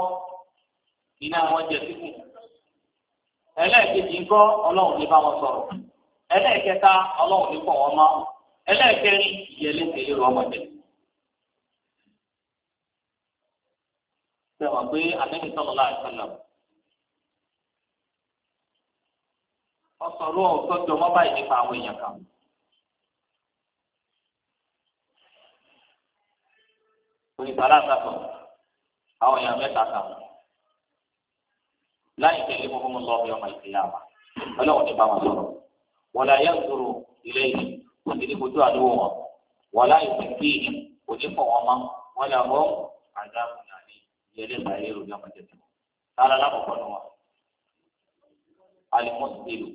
iná wọn jẹ síkùn ẹlẹ́ẹ̀kejì ńkọ́ ọlọ́run ní bá wọn sọ̀rọ̀ ẹlẹ́ẹ̀kẹta ọlọ́run ní kọ̀ wọ́n mọ́ ẹlẹ́ẹ̀kẹrin ìyẹlé tẹ̀lé rọ́mọdé. sẹ́wọ̀n pé àtẹ́kì sọ̀rọ̀ láì sọ̀rọ̀. wọ́n sọ lóhùn tọ́jú ọmọ báyìí nípa àwọn èèyàn kan. oníbàárà sàkọ̀ àwọn èèyàn mẹ́ta kan láì tẹ̀lé fún fún mi lọ́ọ́ bí ọmọ ìpínlẹ̀ àbá ọlọ́run ní bá wọn sọ̀rọ̀ wọn là yẹn kúrò ilé yìí wọn ti ní kojú àdúgbò wọn wọn là yìí kí òní fọ wọn mọ wọn là wọn àdáàbò náà ní ìyẹlẹ báyìí rò ní ọmọdé tó sára lákòókò ni wọn alimọsibiru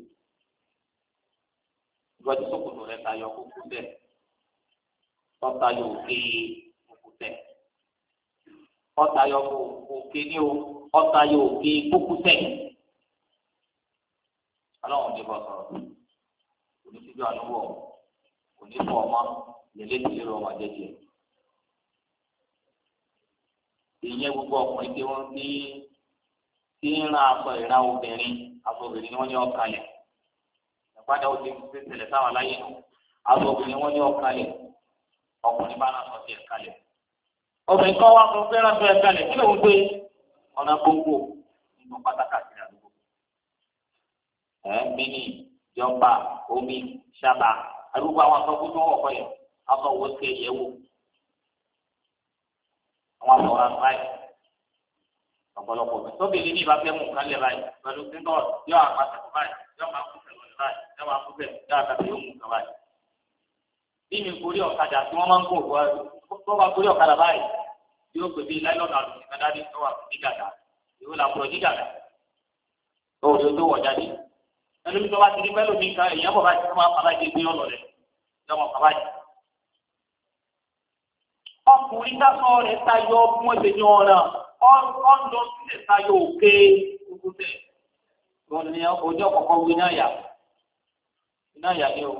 lọdí sọkòtò rẹ tayọ kókó bẹ́ẹ̀ tọtayọ òkè kókó bẹ́ẹ̀ ọtayọ òkè ní o ọtayọ òkè kókó bẹ́ẹ̀ Ọlọ́run ti bọ sọ̀rọ̀. oníṣojú àlọ́wọ́ onífọ̀ ọmọ lẹ́lẹ́tìlẹ́ rọ ọmọ jẹjẹ. ìyẹn gbogbo ọkùnrin tí wọ́n ti ti ń ra aṣọ ìra obìnrin aṣọ obìnrin ni wọ́n ní ọ̀kalẹ̀ ìpàdé ó ti ti sáwọn aláyé nù aṣọ obìnrin wọ́n ní ọ̀kalẹ̀ ọkùnrin bá náà sọ sí ẹ̀kalẹ̀ obìnrin kan wá sọ fẹ́ràn sọ ẹ̀kalẹ̀ kí lóun gbé ọ̀nà gbogbo nínú pátákà jọba omi ṣaba arúgbó àwọn akọkọ tó wọ ọkọ akọ wo ṣe yẹ wò àwọn akọ wa báyìí ọ̀pọ̀lọpọ̀ mi tóbìnrin ní ìbáfẹ́ mú nǹkan báyìí pẹ̀lú síndọ̀t yọ àwọn àtàkùn báyìí yọ àwọn akúfẹ̀ lọ́dẹ báyìí yọ àwọn akúfẹ̀ yọ àtàkùn yóò mú nǹkan báyìí. bí mi gorí ọ̀kadà tí wọ́n máa ń gò wá tó bá gorí ọ̀kadà báyìí yóò gbé bí láìlọ́nà àlùfẹ́ dáadé ẹlòmí tó bá ti di pẹ́lú mi kan èèyàn bọ̀ báyìí fún abájẹ gbé ọ̀nà rẹ̀ lọ́mọ abájẹ. ọkùnrin dákọ rẹ̀ tayọ bí wọ́n ṣe ní ọ̀nà ọ̀ndọ̀ sílẹ̀ tayọ òkè gbogbo bẹ́ẹ̀. wọ́n ní ojú ọ̀kọ̀ọ̀kan wí náà yà náà yà ni o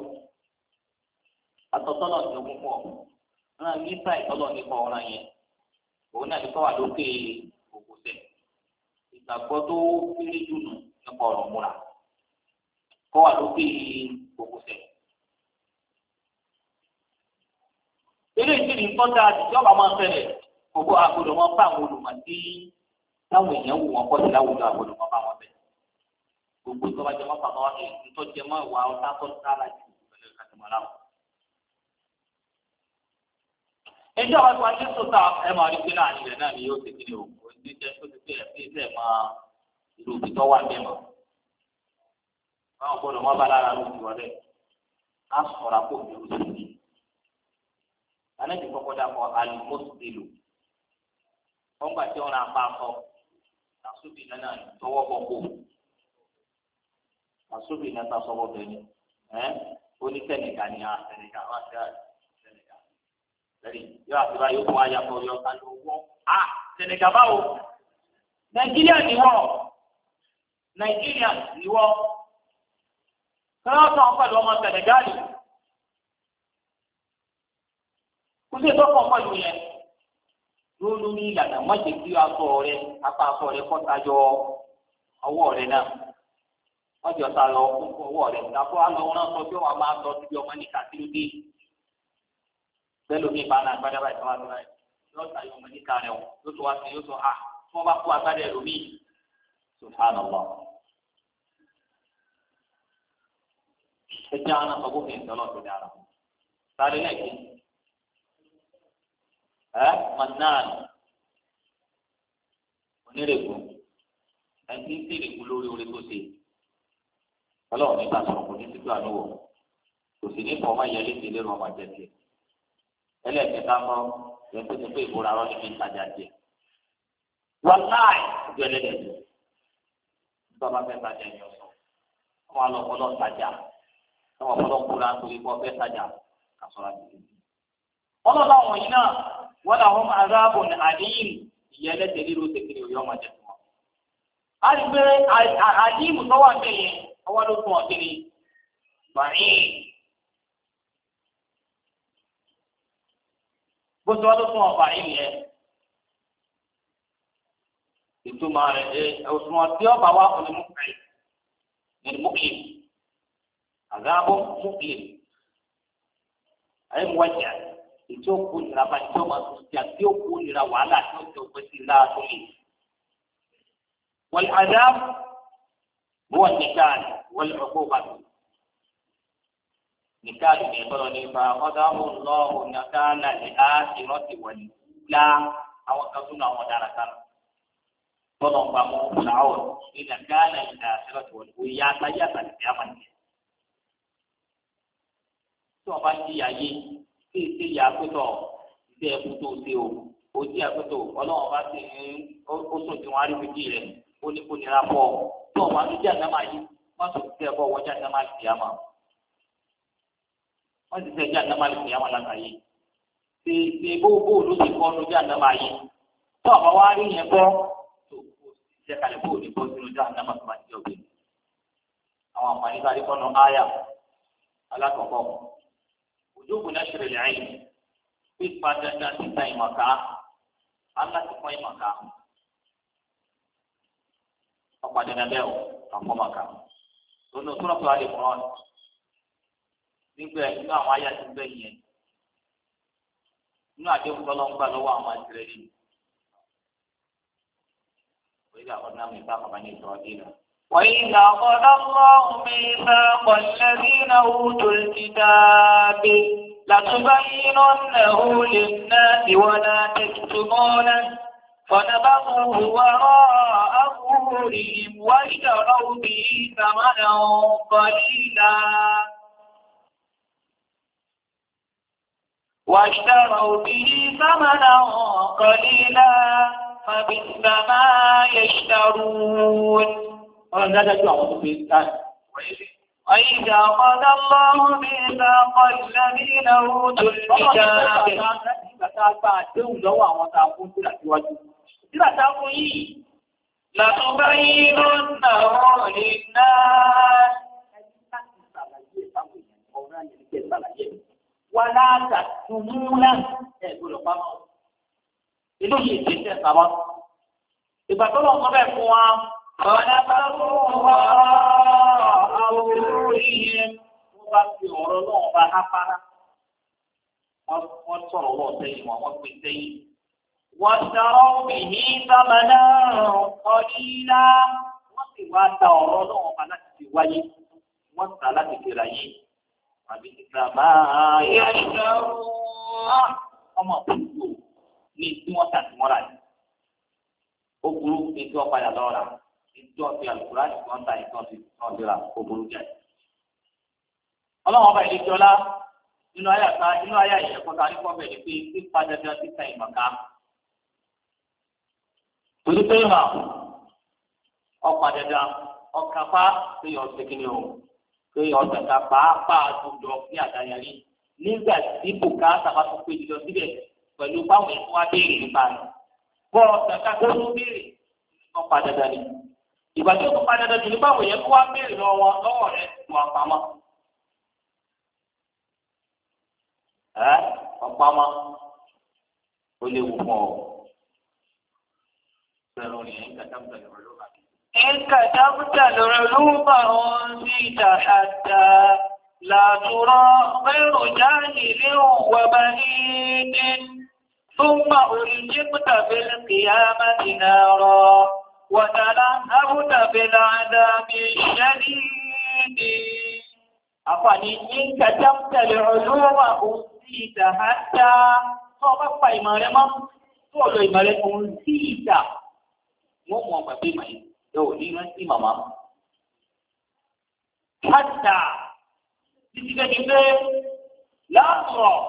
àtọ̀tọ̀ náà ti ogun pọ̀ náà ní sáì tọ́lọ̀ nípa ọ̀ràn yẹn òun náà ní kọ́ lókè òkùnfẹ́ ìgbàgbọ́ tó kéré jù nípa ọ̀rọ̀ múra kọ́ wà lókè kòkòsẹ̀. eré ìṣèlú kọ́ta àtijọba máa ń fẹ́lẹ̀ gbogbo agbọ́dọ̀ wọn bá àwọn olùmọ̀tí táwọn èèyàn wò wọn kọ́sí láwùjọ agbọ́dọ̀ wọn bá wọn bẹ̀. gbogbo ìjọba jẹmọ́ pàmò wọn èyí tó jẹmọ́ ìwà ọ̀tá tó sára jù pẹ̀lú ìkàtìmọ́lá wọn. ẹjọ́ àwọn ìwà tí ó ta ẹ máa rí pé láàrin rẹ̀ náà ni yóò ti kí ni òkú ní jẹ́ tó ti fẹ́ ẹ̀ fi báwọn gbọ́dọ̀ wọn bá lára ló ti wọlé á sọra kó mi ò sí ni alẹ́ ti kọ́kọ́ dàpọ̀ alimọ́sílò wọ́n gbà tí wọ́n ra apá akọ tàṣùbì náà tọwọ́ bọ̀ kó tàṣùbì náà tàṣọwọ́ bẹ̀ ni oníkẹ́nìkà ni a sẹ̀nìkà wá sí sẹ̀nìkà lẹ́yìn yóò àti báyìí ó kó ayàtọ̀ yọ ká ló wọ́ a sẹ̀nìkà báwo nàìjíríà ni wọ́ nàìjíríà ni wọ́ tọ́lọ́tọ̀ ń pẹ̀lú ọmọ sẹ̀nẹ̀gáàlì kó sì tọ́kọ̀ pẹ̀lú yẹn ló lórí ìlànà má jẹ́ kí aṣọ rẹ apá aṣọ rẹ kọ́ta yọ ọwọ́ rẹ náà wọ́n jọ ta lọ fún ọwọ́ rẹ dàpọ̀ àlọ́ wọn sọ pé wàá máa lọ síbi ọmọ níta sí lóde bẹ́ẹ̀ lómi náà gbadá báyìí tọ́wá tọ́wá yóò ta ọmọ níta rẹ o yóò tó wá sí yóò tó a ah, tí wọ́n tó já ọ̀nà ọgbọ́n fi ń sọ lọ́dún dára sáré lẹ́yìn ẹ manan onírèkù ẹni tí ń sèrèkù lórí orí tó ṣe ọlọ́run ní bá sọ̀rọ̀ kò ní ti gbà lówó kò sì ní fọwọ́ yẹ léṣe lérò ọmọ jẹ tiẹ̀ ẹlẹ́ẹ̀kẹta mọ́ yẹ kó pé ìbora rọ́ níbi ìtajà tiẹ̀ wọn láì ojú ẹlẹ́dẹ̀ẹ́dẹ̀ bàbá fẹ́ tajà ẹ̀yọ́ sọ wọn lọ kọ́ tajà. táwọn ọ̀pọ̀lọpọ̀ la ń torí fẹ́ tajà kásọ̀rọ̀ àti ìdí. ọlọ́lá yìí náà ní àdéhìn ìyẹn lẹ́tẹ̀ẹ́ tẹ̀kẹ̀rẹ̀ fún wọn. a lè gbé àdéhìn tó wà ọwọ́ ló àgáàbọ̀ mọ́kìlì ayé mu wájà ìtí ó kó nira bá ìtí ó máa tó ti àti ó kó nira wàhálà tí ó ti ọgbẹ́ sí nira tó lè. wọ́n àdáàm wọ́n nìkan wọ́n ọgbọ́n bá mi. nìkan ní ìbọ̀rọ̀ ní ìfà ọ̀dà ọ̀lọ́ ònàkan láti á ìrọ́tì wọ̀nyí lá àwọn kan tún àwọn dára kan. tọ́lọ̀ ń bá mọ́ ọ̀làwọ̀ ìnàkan láti á ìrọ́tì wọ̀nyí ó yá àtàyà àtàlẹ̀ tí wọn bá ti yà yé tí ìṣe yà pẹtọ ìṣe ẹkú tó ṣe o ó jẹ àpẹtọ Ọlọ́run bá ti ń ó sùn tí wọn á rí méjì rẹ ó ní kó nira pọ tí wọn bá ti jà náà máa yí wọn sì ti ẹbọ wọn jà náà máa fi àmà wọn sì ti jà náà máa fi àmà látàyè ṣe ṣe bóbó ló ti kọ́ ló jà náà máa yí tí wọn bá wá rí yẹn bọ́ tó kó ṣe kalẹ̀ bó ní bọ́ sínú jà náà máa fi máa jẹ́ òbí àwọn àǹfààní tá a rí kọ́nà áyà alákọ̀ọ́kọ́ ojúbùn náà ṣẹlẹ̀ lẹ́yìn pípa dandan títa ìmọ̀ká aláti pọ́n ìmọ̀ká ọ̀pá dandan bẹ́ẹ̀ o kàpọ̀ mọ̀ká lónìí òtúrọ̀tù alẹ́ mọ́rán nígbà inú àwọn ayé àti bẹ́ẹ̀ yẹn inú àdéhùn tọ́lọ́ ń gbà lọ́wọ́ àwọn àtìrẹ́lì òyìnbó àwọn náà mi bá kàmá ní ìtọ́jú náà. وإن أخذ الله ميثاق الذين أوتوا الكتاب لتبيننه للناس ولا تكتمونه فنبغوه وراء ظهورهم واشتروا به ثمنا قليلا واشتروا به ثمنا قليلا فبئس ما يشترون ọlọ́run dáadáa ju àwọn tó fi dáadáa. وإذا قضى الله ميثاق الذين أوتوا الكتاب لتبيننه للناس ولا تكتمونه يقول الله inú yìí ti tẹ̀ sábà ìgbà tó lọ́wọ́ bẹ́ẹ̀ fún wa Ọ̀dàbàrúwọ̀ àwọn olórin wọ́n bá fi ọ̀rọ̀ náà bá hápára. Wọ́n sọ̀rọ̀ wọ́n sẹ́yìn wọn, wọ́n pè sẹ́yìn. Wọ́n sọ̀rọ̀ òmìnir sábàdà ọ̀dílá. Wọ́n sì wá da ọ̀rọ̀ náà bá láti fi wáyé. Wọ́n sà láti fi ráyé. Àbí ìgbàgbá yẹ tí wọ́n fi àlùkùrá nìkan ta ìtàn sí ìtàn síra kó burú jẹ. ọlọ́wọ́n ọba ìdíjọ́ lá nínú ayé àta nínú ayé àyẹ̀kọ́ ta nípa ọbẹ̀ ni pé pípa dandan títa ìmọ̀ká. torí pé ìmọ̀ ọ̀pá dandan ọ̀kápá pé ọ̀sẹ̀ kìnìún o pé ọ̀sẹ̀ ká pàápàá dùdọ̀ sí àdáyàrí nígbà tí bùkátà bá tún pé jùlọ síbẹ̀ pẹ̀lú báwọn ẹ̀kọ́ wá béèrè nípa rẹ̀. bọ́ ọ̀sẹ̀ ká gbọ́dọ̀ béèrè ọ̀pá dandan ni ìgbà tí kò padà dandan nípa àwọn èèyàn kó wá béèrè lọ́wọ́ lọ́wọ́ rẹ̀ wọ́n pamọ́. ẹ wọ́n pamọ́ ó léwu fún ọ. Ìkà dábùtà lórí olúmọ òun sí ìjà àdá làtúrọ̀ mẹ́rù jáde ní òwẹ́bẹ́ ní ní. ثم ألجمت وتلهون بالعذاب الشديد أفن إن كتمت العلوم أنسيت حتى صبت إمارما صلو إمارة أنسيت مؤمن بما يقول لنا إماما حتى títí ní pé láàrọ̀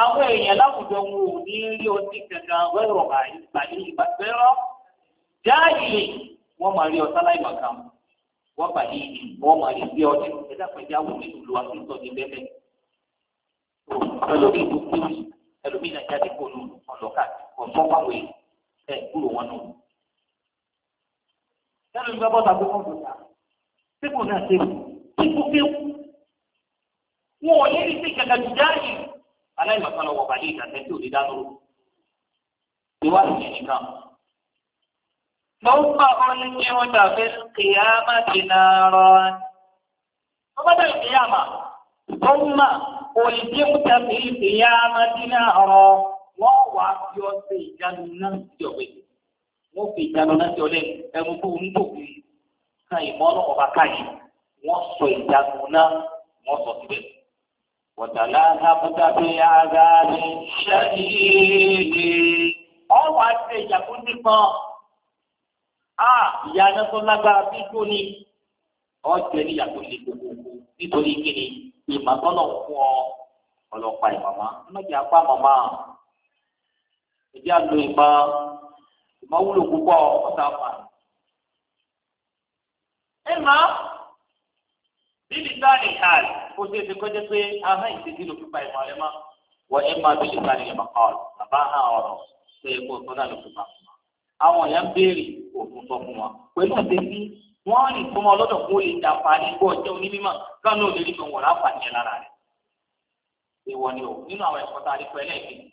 àwọn èèyàn láwùjọ wọn ò ní rí ọtí kankan wẹ́rọ̀ báyìí báyìí ìbàgbẹ́rọ̀ jáàyè wọ́n máa rí ọ̀tá láì màkà wọ́n bà yí wọ́n máa rí bí ọdẹ ẹ̀dá pẹ̀lú àwọn olè ló wà fún ìtọ́jú bẹ́ẹ̀ ẹlòmíì tó kéwì ẹlòmíì náà jáde kó nù ọlọ́kà ọ̀tọ́ pàwé ẹ̀ kúrò wọn nù. sẹ́nu ìgbà bọ́ta kó wọ́n bọ̀ta pípò náà ṣe pípò kéwù wọn ò yẹ kí kàkà ju jáàyè aláìmọ̀kan lọ wọ̀ bàlẹ́ ìdàtẹ́ tí ò موقع يوجد في القيامة نارا فماذا القيامة ثم ألجمت في القيامة نارا ووعد في جنة يومي wọ́n fi ìdáná náà jọ lẹ́nu ẹnu tó ń dò bí ká ìmọ̀ ọlọ́wọ́ bá káyìí wọ́n sọ ìdáná náà wọ́n sọ síbẹ̀. wọ̀dàlá àbúdá fi ara ṣẹ́yìn. ya ah, ìyá iná tó lágbára bí kú ni gbogbo nítorí fún ọ ọlọ́pàá ìmọ̀mọ́ ọlọ́jà apá mọ̀mọ́ ìjà lo ìmọ̀ ìmọ̀ wúlò púpọ̀ ọ̀tá ọ̀pá. ẹ máa bíbí sáàlì hàn kó ṣe é ṣe kọjá pé ìṣèjì ló ìmọ̀ rẹ mọ́ ẹ máa bíbí bàbá ọ̀rọ̀ ṣe àwọn èèyàn béèrè òfin sọ fún wọn pẹ̀lú àtẹ̀sí wọ́n rìn fún wọn lọ́dọ̀ kó lè dà pa ní gbọ́ọ̀jẹ́ onímọ̀ gánà ò lè rí wọn wọ̀rá pàṣẹ lára rẹ̀. ìwọ ni o nínú àwọn ẹ̀kọ́ tá a rí pẹ́ lẹ́ẹ̀kejì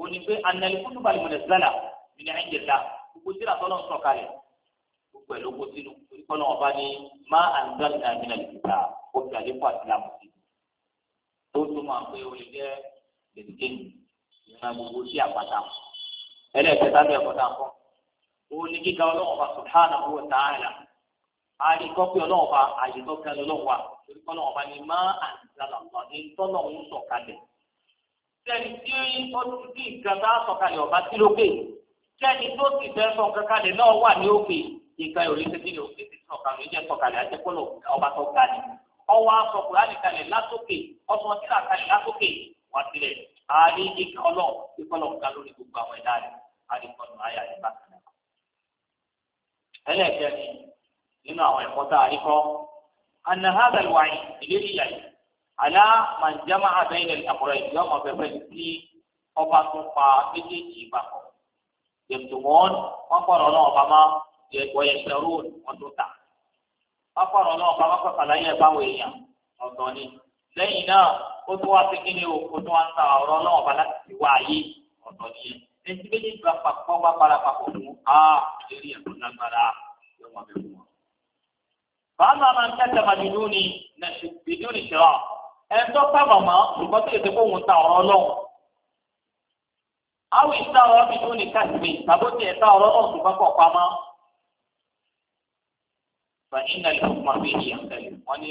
o ní pé anẹ́lẹ́kùnú balùwẹ̀ mọ̀lẹ́ sálà mi ní ẹ̀jẹ̀ dá gbogbo síra tọ́lọ́ ń sọ̀ka rẹ̀ gbogbo ẹ̀ ló kó sínú ìkọlọ́ ọba ni má àǹdán ní àmì nàìjíríà ó fi àlékún àti làmùsí tó tó máa pé o lè jẹ́ gbèdéke ìran gbogbo sí àpáta ẹlẹ́ẹ̀kẹta ní ẹ̀kọ́ tá a kọ́ òun ni gíga ọlọ́wọ́n bá subhanahu wa ta'ala kọ́ pé bá àyè tó lọ́wọ́ wa torí kọ́ bá ní má ní tọ́lọ̀ ń sẹ́ni tí ó ti a sọ̀kalẹ̀ ọ̀bá tí ló sẹ́ni tó ti fẹ́ sọ náà wà ní òkè ìròyìn tẹ́tí ni òkè ti sọ̀kalẹ̀ sọ̀kalẹ̀ ọba tó ga ọwọ́ asọ̀kùnrin ẹlẹ́ẹ̀kẹ́ni nínú àwọn ẹ̀kọ́ tá a rí kọ́ anna hadha alwa'i ìlérí ìyá yìí àlá man jama'a bayna al-amrayn ìdí ọmọ fẹ́fẹ́ tí ọba tó pa méjèèjì ìbàkọ̀ yẹtùmọ́n wọn kọ̀rọ̀ náà ọba máa yẹ wọ́yẹ sẹ́rù wọn tó ta wọn náà ọba máa kọ̀kọ̀ láyé báwo èèyàn ọ̀dọ́ ni lẹ́yìn náà ó tún wá sí kíni o ó tún wá ń ta ọ̀rọ̀ náà ọba láti fi wá ayé ọ̀dọ́ ni yẹn ẹtí méjì gba papọ̀ bá para papọ̀ a ìlérí ẹ̀kọ́ lágbára yóò máa bẹ fún wa. bàbá máa ń tẹ́tẹ̀ máa dìdú ni dìdú ni ṣọ́ ẹ̀ńtọ́ sábà máa ṣùgbọ́n tó lè ṣe fóun ta ọ̀rọ̀ ọlọ́run. àwọn ìta ọ̀rọ̀ dìdú ni káṣíbi tàbó ti ẹ̀ta ọ̀rọ̀ náà ṣùgbọ́n pọ̀ pamọ́. fàyínà lè fún màmí ìyá tẹ̀lé wọ́n ní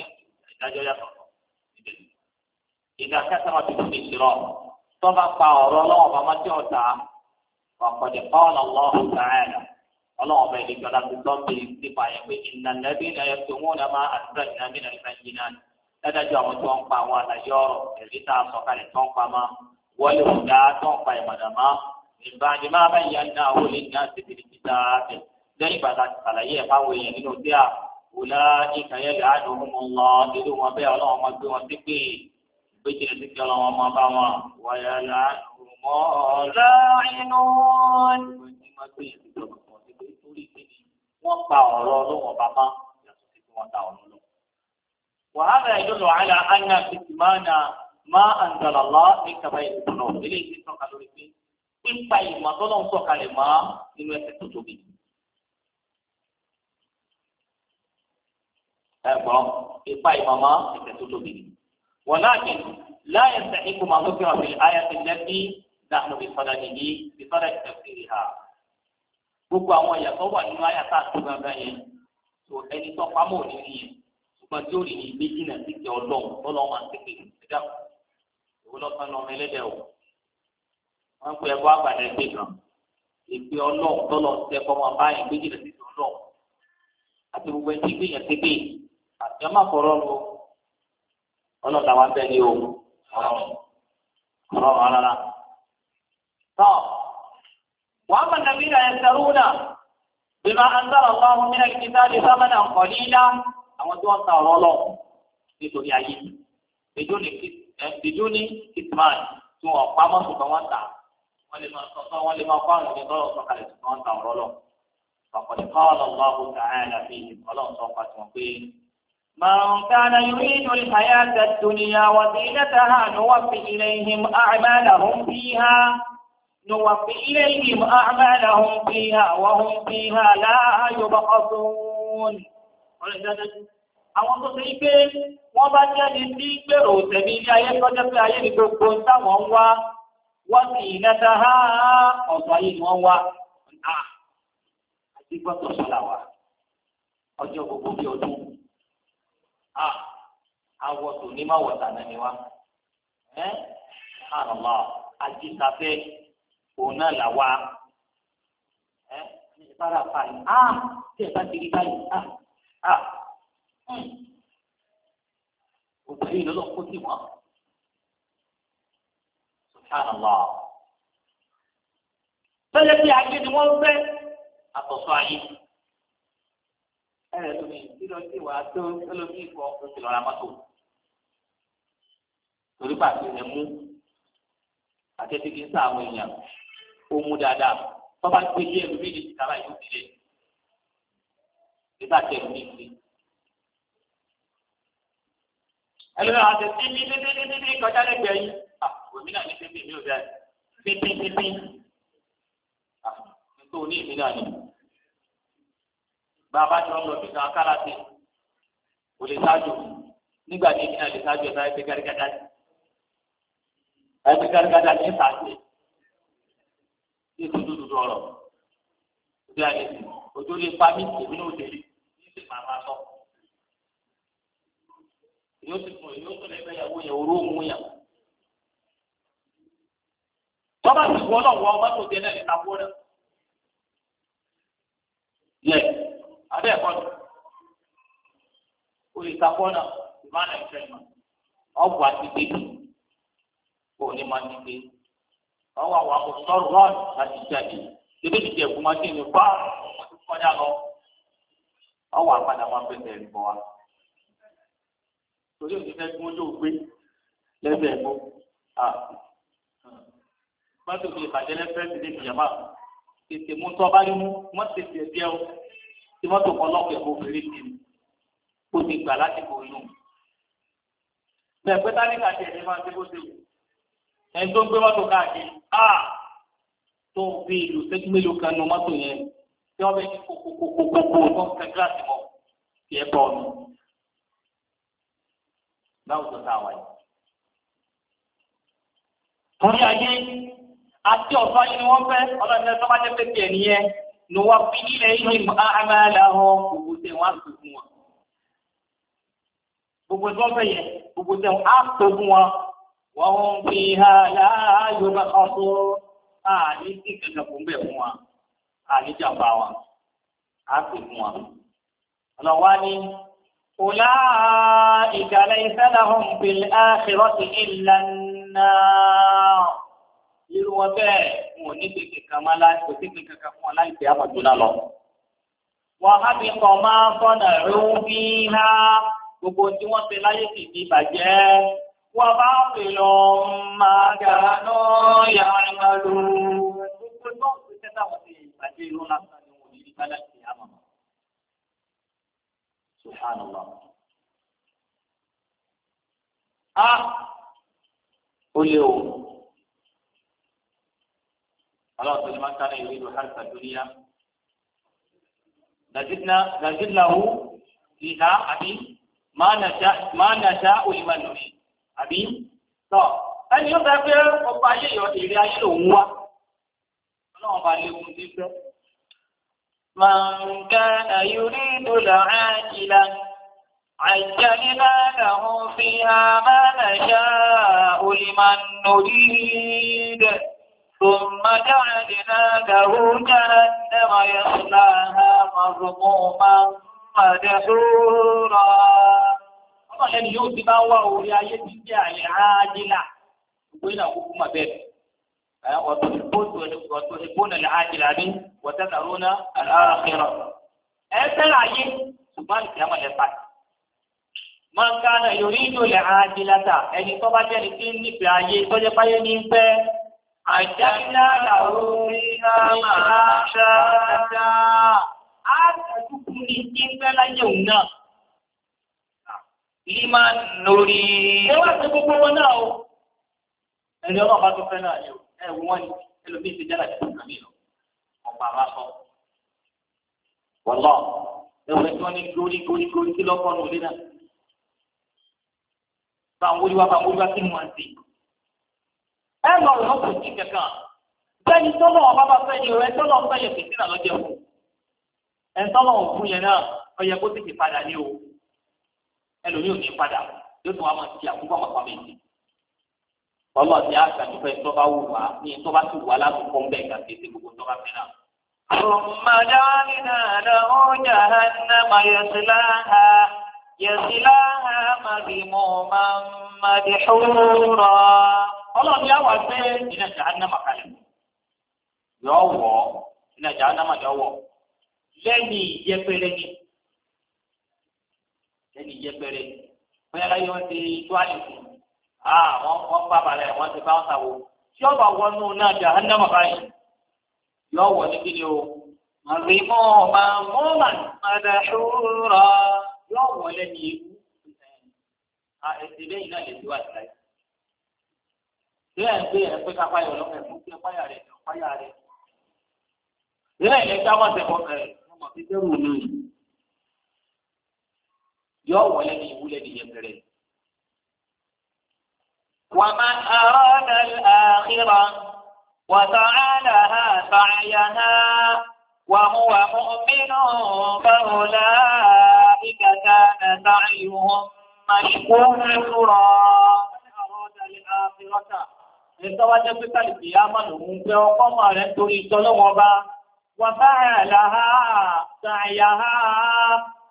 ìdájọ́ yàtọ̀ ìdá kẹsàn وقد قال الله تعالى اللهم إنك لا تضم بالاستفاء إن الذين يكتمون ما أنزلنا من البينات dájú àwọn tó ń pa àwọn àlàyé ọ̀rọ̀ èrí tá a sọ kalẹ̀ tó ń pa mọ́ wọlé ọ̀dà tó ń pa ìmọ̀dàmọ́ ìbáni máa bá ìyá iná owó lè ní àtẹ̀bìrì títà rẹ̀ lẹ́yìn ìgbà láti ṣàlàyé ẹ̀ fáwọn èèyàn nínú bí a wòlá ìkàyẹ̀ lè àdó ohun mọ̀ lọ nínú wọn bẹ́ẹ̀ ọlọ́run wọn gbé wọn sí pé ìgbéjìlẹ̀ sí kí ọlọ́run ọmọ bá wọn wọ̀yà lánàá ọ̀làrínún. wọ́n pa ọ̀rọ̀ ọlọ́wọ̀n bàbá yàtọ̀ sí kí wọ́n ta ọ̀rọ̀ lọ. wàhálà ìdúró àlà àyà fìtìmánà máa ń dàlà lọ ní kaba ìdùnnú eléyìí ti tọ́ka lórí pé pípa ìmọ̀ tó náà sọ̀kalẹ̀ mọ́ nínú ẹsẹ̀ tó tóbi. ẹ̀gbọ́n ipa ìmọ̀mọ́ ìtẹ̀tútóbi. wọ́n náà kì láyé sẹ́yìn kò máa lókè ọ̀sẹ̀ ayé ti lẹ́bí nahnu bi sadadihi bi sadadi tafsiriha gbogbo àwọn ìyàtọ̀ wà nínú àyàtọ̀ àti gbangba yẹn tó ẹni tó pamọ́ òní nìyẹn ṣùgbọ́n tí ó rìn wọ́n pe ẹ̀kọ́ àgbàdo ẹgbẹ́ kan tọ́lọ̀ àti gbogbo ẹni tí gbé yẹn àti ọmọ àkọ́rọ́ o ọ̀rọ̀ طب وأما الذين يشترون بما أنزل الله من الكتاب ثمنا قليلا أو توقع رولو nítorí ayé bidun kitman tí wọn pa mọ́tò kan wọ́n ta wọ́n lè máa sọ fún wọn lè máa kọ́ àwọn ọ̀dọ́ ọ̀sán kalẹ̀ tí wọ́n ta ọ̀rọ̀ lọ. ọ̀pọ̀lọpọ̀ kọ́ọ̀lọ̀ lọ́wọ́ tààlà fi ọlọ́run sọ pa tí wọ́n pé. من كان يريد الحياة الدنيا وزينتها نوفي إليهم أعمالهم فيها نوفي إليهم أعمالهم فيها وهم فيها لا يبخسون àwọn tó ṣe pé wọ́n bá jáde sí gbèrò tẹ̀mí ilé ayé tọ́jọ́ pé ayé ní gbogbo táwọn ń wá wọ́n sì ìlẹ́ta ha ọ̀dọ̀ ayé ni wọ́n wá náà àti gbọ́dọ̀ ṣọlá ọjọ́ gbogbo bí ọdún àwọ̀ tòní máa wọ̀ tànà ni wa àrùn máa àti ìsàfẹ́ òun náà là wá ẹ ìpara àpáyé á tí ẹ bá ti rí báyìí á á obìnrin ló lọ kó sí wọn subhanallah tẹ́lẹ̀ tí ayé ni wọ́n fẹ́ àtọ̀sọ ayé ẹ̀rẹ̀ lómi ìdílọ sí wa tó ẹlòmí ìkọ̀ òkè lọ́ra mọ́tò torí pàṣẹ rẹ̀ mú àtẹ́tí kí n sá àwọn èèyàn ó mú dáadáa tọ́ba gbé ilé ẹ̀rú méjì ti tara yóò tilẹ̀ nígbà tẹ̀ ẹ̀rú méjì. ẹlẹ́nu àti tíbi tíbi tíbi tíbi kọjá lẹ́gbẹ̀ẹ́ yìí òmí náà ní tíbi mi ò bẹ́ẹ̀ tíbi tíbi nítorí ní ìmí náà ni bàbá tí wọ́n lọ fi kan kára sí kò lè ṣáájú nígbà tí ìmí náà lè ṣáájú ẹ̀ báyìí pé káríkátá ẹ̀ pé káríkátá ní ìta sí i tí èso dúdú dọ̀rọ̀ ojú àlẹ́ sí ojú lè pa mí èmi náà lè rí ní màá máa sọ. èyí ó sì fún èyí ó tún lè fẹ́ yàwó yẹn oró òun yà. tọ́ba ti wọ́n náà wọ́n mọ́tò jẹ́ náà níta wọ́n náà. yẹ abẹ́ ẹ̀kọ́ ni olùtakọ́ náà ìmọ̀ àná ìfẹ́ mọ̀ ọ̀bù àti gbèdú òun ni máa ti gbèdú wọn wà wà kó sọ̀rọ̀ wọn láti jáde débi ìdíje ìfúnmọdé ni bá wọn ti kọjá lọ wọn wà padà wọn fẹsẹ̀ rí bọ wa torí òní fẹ́ kí wọn yóò gbé lẹ́sẹ̀ mú a wọn tó fi ìbàjẹ́ lẹfẹ ti dé ìyàmá tètè mú tọ́ bá rí mú wọn tètè ẹbí ẹ o tí wọn tó kọ lọ́pọ̀ ẹ̀kọ́ fèrè tì mí ti gbà láti kó inú bẹ́ẹ̀ pẹ́ tá nígbà tí ẹni máa ń dé bó ṣe wù ẹni tó ń gbé mọ́tò káàkiri a tó ń fi ìlú sẹ́jú kan nu mọ́tò yẹn tí wọ́n bẹ ní kókókókókó tó ń tẹ gíláàsì mọ́ kí ẹ bọ́ mi. láwùjọ tá a wà torí ayé àti ọ̀sán yìí ni wọ́n fẹ́ ọlọ́run tó bá jẹ́ pé tiẹ̀ nìyẹn ni wọ́n fi nílẹ̀ yìí àmàlà wọn gbogbo tẹ̀ wọ́n á sùn fún wọn. gbogbo tí wọ́n fẹ́ yẹn gbogbo tẹ̀ wọ́n á sùn fún wọn wọ́n fi ha láàyò bá kọ́ tó àní sí kankan fún bẹ́ẹ̀ fún wa àní jàmbá wa á sì fún wa. ọlọ́wà ni ọ̀la ìgbàlẹ̀ ìfẹ́lẹ̀ hàn bìlì àkìrọ́tì ìlànà irú wọn wọn ní sí kankan máa láì kò sí kankan fún wa láì pé àmàdúrà lọ. wàhálà kan máa ń fọ́nà rú bí ha gbogbo tí wọ́n ti láyé sì ti bàjẹ́. وباطل ما كانوا يعملون سبحان الله ها اليوم خلاص لمن كان يريد حرث الدنيا نجدنا نجد له فيها ما نشاء ما نشاء لمن نريد àbí tọ́ ẹni yóò fẹ́ pé ọgbà ayé yọ èrè ayé lòun wá ọlọ́run bá léwu ní fẹ́. من كان يريد العاجلة عجلنا له فيها ما نشاء لمن نريد ثم جعلنا له جهنم يصلاها مظموما مدحورا náà lẹ́nu yóò ti bá wá orí ayé ti jẹ́ àlẹ́ ájílà gbogbo iná kúkú mà bẹ́ẹ̀ ọ̀tọ̀ ìbónà lẹ́ ájílà ní wọ́tẹ́tàrónà àlàáfẹ́rọ̀ ẹ fẹ́ràn ayé ṣùgbọ́n ìkẹ́ mọ̀ lẹ́fà máa ń ká náà yorí ìlú lẹ́ ájílà ta ẹni tó bá jẹ́ni tí ń nífẹ̀ẹ́ ayé tó jẹ́ páyé ní pẹ́ àjálá làwọn orí náà máa á lima lórí. ẹ wá sí gbogbo wọn náà o ẹni ọlọ́run bá tó fẹ́ náà ni o ẹ wù wọ́n ni ẹlòmíín ti dára jù kàmí lọ ọ̀pá bá sọ. wọ́lọ́ ẹgbẹ́ tí wọ́n ní lórí lórí lórí kí lọ́kọ́ ní olé náà. báwọn wọlé wá báwọn wọlé wá kí ni wọ́n ń sè. ẹ lọ rẹ̀ lọ́kùn sí kankan bẹ́ẹ̀ni tọ́lọ̀ ọba bá fẹ́ yẹ ẹ tọ́lọ̀ fẹ́ yẹ fìtínà lọ́jọ́ fún ẹ tọ́lọ̀ òfun yẹn náà ọ yẹ kó tètè padà ní o ẹlòmíì ò ní padà yóò tún wá máa ti àkúgbà pàpà mi sí. ọlọ́ ti á ṣàtúnfẹ́ tó bá wù wá ní tó bá ti wù aláàbò bẹ́ẹ̀ ká ṣe é ṣe gbogbo tó bá fẹ́ náà. ثم جعلنا له جهنم يصلاها يصلاها مذموما مدحورا ọlọ́run yà wá gbé iná jahannama kalẹ̀ yọ wọ̀ iná jahannama yọ wọ̀ lẹ́yìn ìyẹpẹrẹ ni ẹni jẹpẹrẹ wọn yàrá yìí wọn ti tó àyùkù aa wọn wọn bá balẹ wọn ti bá wọn ta wo tí ọba wọnú náà jà hàn náà báyìí yọ wọ ní kí ni o màrìmọ́ màmúlà màdàhúrà yọ wọ lẹ́ni ewu a ẹsẹ̀ lẹ́yìn náà lè tó àṣà yìí bẹ́ẹ̀ ń bẹ́ẹ̀ pé ká fáyọ̀ lọ́kẹ́ fún kí ẹ fáyà rẹ̀ fáyà rẹ̀ bẹ́ẹ̀ lẹ́gbẹ́ àwọn àtẹ̀kọ́ rẹ̀ wọ́n mọ̀ fi dẹ́rù lóyún yọ wọlé ní ìwúlẹ̀ ní yẹpẹrẹ. ومن أراد الآخرة وسعى لها سعيها وهو مؤمن فأولئك كان سعيهم مشكورا أراد الآخرة Ìtọ́wájẹ́ pípẹ́ ìfìyàmọ̀ lòun pé ọkọ́ mọ̀ rẹ̀ torí ìtọ́lọ́wọ́ bá wà báyà láhá, tààyà ha,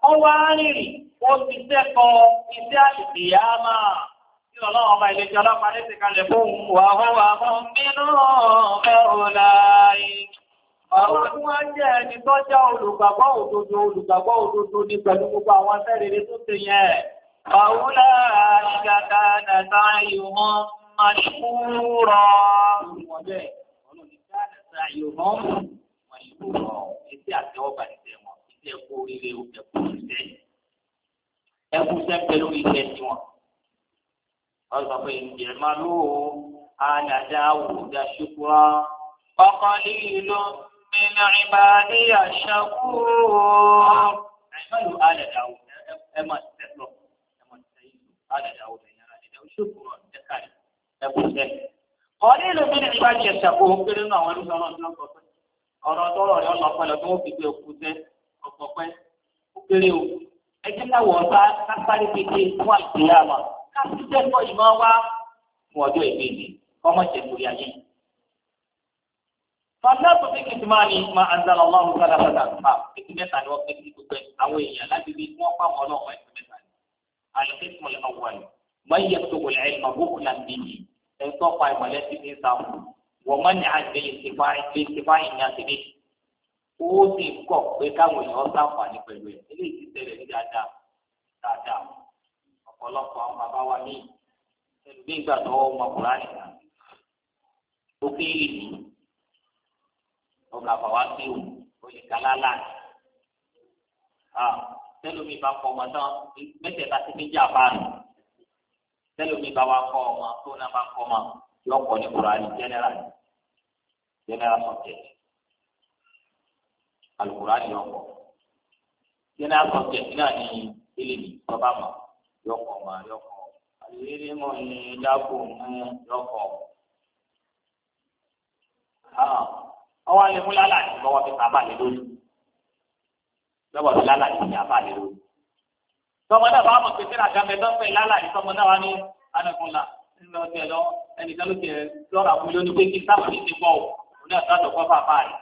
ó wá rìnrìn ó ti sẹ́kọ̀ iṣẹ́ àṣìṣe yá máa tí ọlọ́run ọba ilé jọ lọ́pàá lé ti kalẹ̀ fún wà wọ́wà mọ́ bínú ọ̀fẹ́ òláì ọ̀rọ̀ tí wọ́n jẹ́ ẹni tó jẹ́ olùgbàgbọ́ òdodo olùgbàgbọ́ òdodo ní pẹ̀lú gbogbo àwọn fẹ́rẹ̀rẹ̀ tó ti yẹn Fàúlà ìgàkà nàta ìhun kó oríire ẹkú sẹ́ńpẹ́ lórí ilẹ̀ tiwọn. wọ́n sọ pé ìjẹ́ máa ló o ànàdá àwòdà ṣùkúrọ̀ ọkàn lílo mímú ìbàdí àṣàkúrò. àìmọ́lò ànàdá àwòdà ẹ máa ti tẹ́lọ̀ ẹ máa ti tẹ́yìn lò ànàdá àwòdà yẹn ànàdá ṣùkúrọ̀ ẹ̀ka ẹkú sẹ́ńpẹ́. ọ̀rọ̀ ìlú mímú ìbàdí àṣàkúrò kéré náà àwọn ẹlú ọ̀rọ̀ tọrọ rẹ ọlọpàá lọ tó ń fi gbé okùn tẹ ọpọpẹ ó kéré o ẹjẹ́ káwọ̀ ọba kápárí kékeré fún àìsíyá wa káfí jẹ́kọ̀ọ́ ìmọ̀ wa fún ọjọ́ ìbéèrè ọmọ ìṣẹ̀lẹ̀ ayé. Fàlá tó fi kìtìmá ni máa àzàlọ̀ ọlọ́run sára padà fà kìtì mẹ́ta ni wọ́n fi kí gbogbo àwọn èèyàn láti fi wọ́n pa ọmọ náà wọ́n mẹ́ta ni. Àlùfẹ́sìmọ̀ lè ọ̀wọ̀ ni. Máa yẹ tó wọlé ẹ̀ máa bókun náà bí yìí. Ẹ̀ ń tọ́pa ìmọ̀lẹ́sí ní sáfù. Wọ́n máa ní owó sì kọ̀ pé káwọn èèyàn ṣàǹfààní pẹ̀lú ẹ̀ eléyìí ti tẹ̀lé ní dáadáa dáadáa ọ̀pọ̀lọpọ̀ àwọn bàbá wa ní ẹlú bí ìgbà tó ọmọ kùránì kan ó fi ìlú ọgá bàbá sí òun ó lè kálá láàrin tẹlomi bá kọ ọmọ náà mẹ́tẹ̀ẹ̀ta ti fi jà báàlù tẹlomi bá wa kọ ọmọ tó náà bá kọ ọmọ yọkọ ní kùránì general general subject alukura ni ọkọ yẹn náà kọ tẹ náà ní eléyìí tọba mọ yọkọ mọ yọkọ àlèrè mọ ní dáàbò mọ yọkọ ọwọ alẹ mú lálà ní lọ́wọ́ fi sábà lé lórí lọ́wọ́ fi lálà ní ìyá bá lé lórí tọmọ náà bá mọ pé sínú àgàmẹ lọfẹ lálà ní tọmọ náà wà ní anagunla nínú ọtí ẹ lọ ẹnìkan ló tiẹ̀ lọrọ àbúlé ó ní pé kí sábà ní ti bọ ọ òun náà sọ àtọkọ bàbá rẹ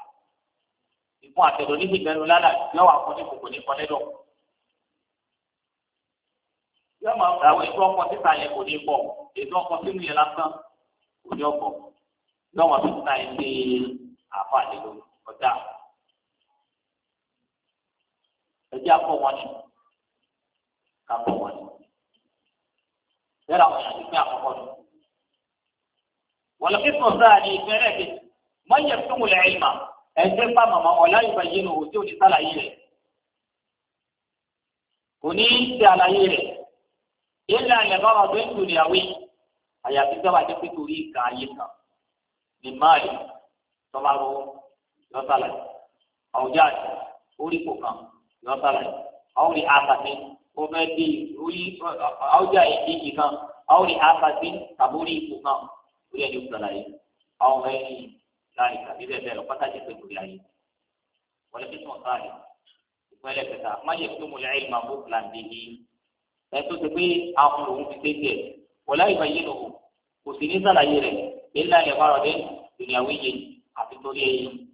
ìfún àtẹ̀dọ̀ níbi ìbẹ̀rù lálà yóò wà fún ní kòkò ní kọ́lẹ́dọ̀. yóò máa gba àwọn ètò ọkọ̀ síta yẹn kò ní pọ̀ ètò ọkọ̀ sínú yẹn lásán kò ní ọkọ̀ yóò wà fún táyé ní àfa àdéhùn ọjà. ẹjẹ́ akọ wọn ni kakọ wọn ni yẹ́n àwọn èèyàn ti àkọ́kọ́ ni. wọ́n lọ kí ni ìpínlẹ̀ ẹjẹ pa màmá ọ̀la ìgbà yìí nù tí o ti sàlàyé rẹ̀ kò ní í ṣe àlàyé rẹ̀ ilẹ̀ àyẹ̀bá wa bẹ́ẹ̀ tó níyàwó àyàfi sábà jẹ́ pé torí ìka ayé kan ní máàlì tọ́ba lọ́wọ́ lọ́sàlẹ̀ àwùjá orí kò kan lọ́sàlẹ̀ àwùrí àkàtì ọmọ ẹbí orí àwùjá ìdíjì kan àwùrí àkàtì tàbórí ipò kan orí ẹni ó sàlàyé àwọn ẹni láàrin tàbí bẹ́ẹ̀ bẹ́ẹ̀ lọ pátákì pé kò láyé wọlé bí wọn káàdì ìpínlẹ̀ kẹta má yẹ kí mo lè ẹ̀ máa bó pilandi yìí ẹ tó ti pé àwọn òun ti dé tiẹ̀ wọlé ìgbà yìí lò kò sì ní sàlàyé rẹ̀ ilé ayé bá rọ̀dẹ́ ìyàwó yìí àti torí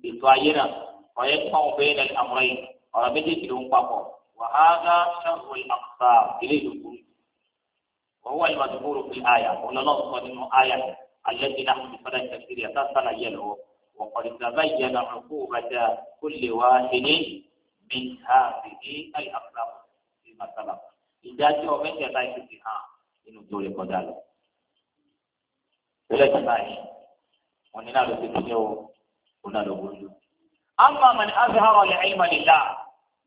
ètò ayé náà ọ̀yẹ́ kí wọn bẹ́ẹ̀ lẹ́nu àmúrẹ́ yìí ọ̀rọ̀ méjèèjì ló ń papọ̀ wàhálà ṣàǹfọ̀ àkùsà ilé ìdòkú وقد تبين عقوبة كل واحد من هذه الأقسام فيما سبق ìdájọ́ mẹ́tẹ̀ẹ̀ta yìí ti hàn nínú tó lè kọjá lọ. ìrẹsì báyìí wọn ní náà ló ti fi ní o kó náà ló wọlé. àmọ́ àmọ́ ni azhar ọ̀lẹ̀ ẹ̀yìnmọ̀ lè la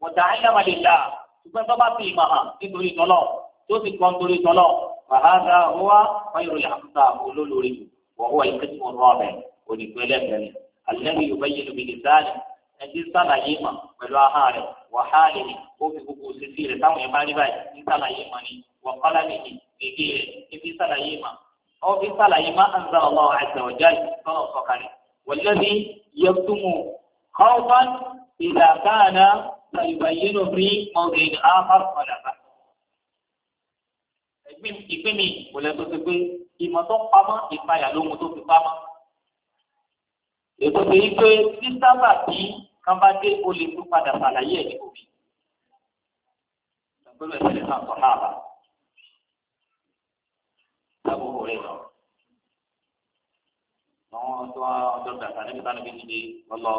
wọ̀tá ẹ̀yìnmọ̀ lè la ṣùgbọ́n tó bá fi ìmọ̀ hàn nítorí tọ́lọ̀ tó sì kọ́ nítorí tọ́lọ̀ wàhálà wọ́n wá wáyé rẹ̀ àkútà olólórí wọ́n wọ́n ìkẹ́sì wọn rọ́ọ̀bẹ̀ onípẹ̀lẹ̀ kẹrin alẹ́rì yorùbá yẹn lóbi lè dáàlì ẹtí sàlàyé mọ̀ pẹ̀lú aha rẹ̀ wàhálì ni ó fi gbogbo sisi rẹ̀ táwọn yẹn bá rí báyìí ní sàlàyé mọ̀ ni wàhálà ni ni gègé rẹ̀ ibi sàlàyé mọ̀ ọ fi sàlàyé má ń zà ọlọ́ àti ọ̀já ìtọ́nà sọ̀kalẹ̀ wọ̀lẹ́bí yẹtumu kọ́ọ̀fán ìdàkánná sàyùbáyénu rí mọ̀gìn áfà ọ̀dàbà. ìpín mi kò lẹ́ tó ti pé ìmọ̀ pamọ́ ìpayà lóhun tó fi pamọ́ ètò ṣe yí pé tí sábà tí kan bá dé o lè tún padà ṣàlàyé ẹ̀ ní omi. ìgbọ́dọ̀ ìṣẹ̀lẹ̀ náà sọ náà bá lábúrò rẹ̀ lọ. àwọn tó wá ọjọ́ dàgbà níbi táwọn ibi níbi lọ́lọ́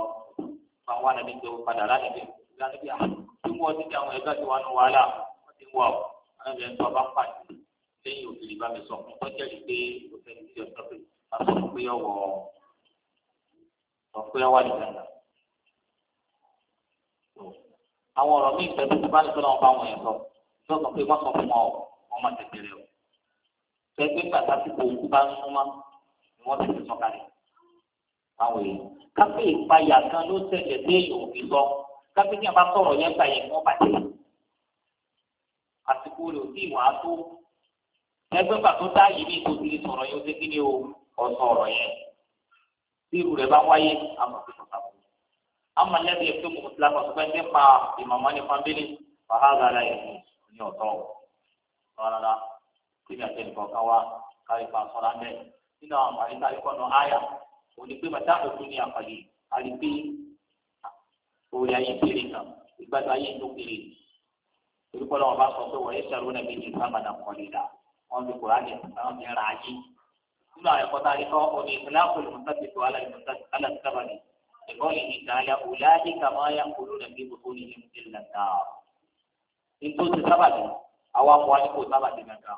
máa wá níbi tó padà láti bí ìgbà níbi tí wọ́n ti di àwọn ẹgbẹ́ tí wọ́n ń wàhálà wọ́n ti ń wà ó àwọn ẹgbẹ́ tó bá ń pàdé lẹ́yìn òkèlè bá mi sọ fún ọjọ́ ìgbé òṣèlú tí ọjọ́ pé a sọ fún pé ọwọ́ ọ̀pẹ́ wà nìkan àwọn ọ̀rọ̀ míì pẹ̀lú tó bá ní sọ́nà ọba àwọn ẹ̀sọ́ yóò sọ pé wọ́n sọ fún ọ wọ́n má tètè o. pẹ̀lú bàtà tí kò bá ń súnmọ́ ni wọ́n ti sọ kalẹ̀. àwọn èèyàn káfí ìpayà kan ló tẹ̀lé dé òfin sọ káfí ní àbá yẹn gbà yẹn wọ́n bàjẹ́. àsìkò rẹ̀ ò tí ì wàá ẹgbẹ́ bàtó dá yìí ní ìtòsí sọ̀rọ̀ yẹn tí irú rẹ̀ bá wáyé àmọ̀ tó sọ̀tà kù. àmọ̀ lẹ́bi ètò mùsùlùmí ọ̀sùn pé nípa ìmọ̀mọ́ ní fábílì fàhálà rẹ̀ ní ọ̀tọ̀ rárá kí ni àti ẹnìkan kan wá kárí pa sọ́ra mẹ́ nínú àwọn àǹfààní kárí kọ́nà áyà òní pé bàtà òkun ní àpàyè àrí pé òòrè ayé kéré kan ìgbàdo ayé tó kéré orúkọ náà wọn bá sọ pé wọn yẹ sàrò náà méjì sábà náà kọ́lé dà wọn fi kúránì nínú àwọn ẹ̀kọ́ tá a rí kọ́ òní ìfúnláàpọ̀ ìmọ̀tàkì tó alàgbàbàdì ẹ̀kọ́ yìí ní ìtàlẹ̀ òláàdì kàmáyà kúrò nàbí gbogbo ní ìmùtí lẹ́tà. nítorí sábàdì àwa mú wa ní kò sábàdì gàgà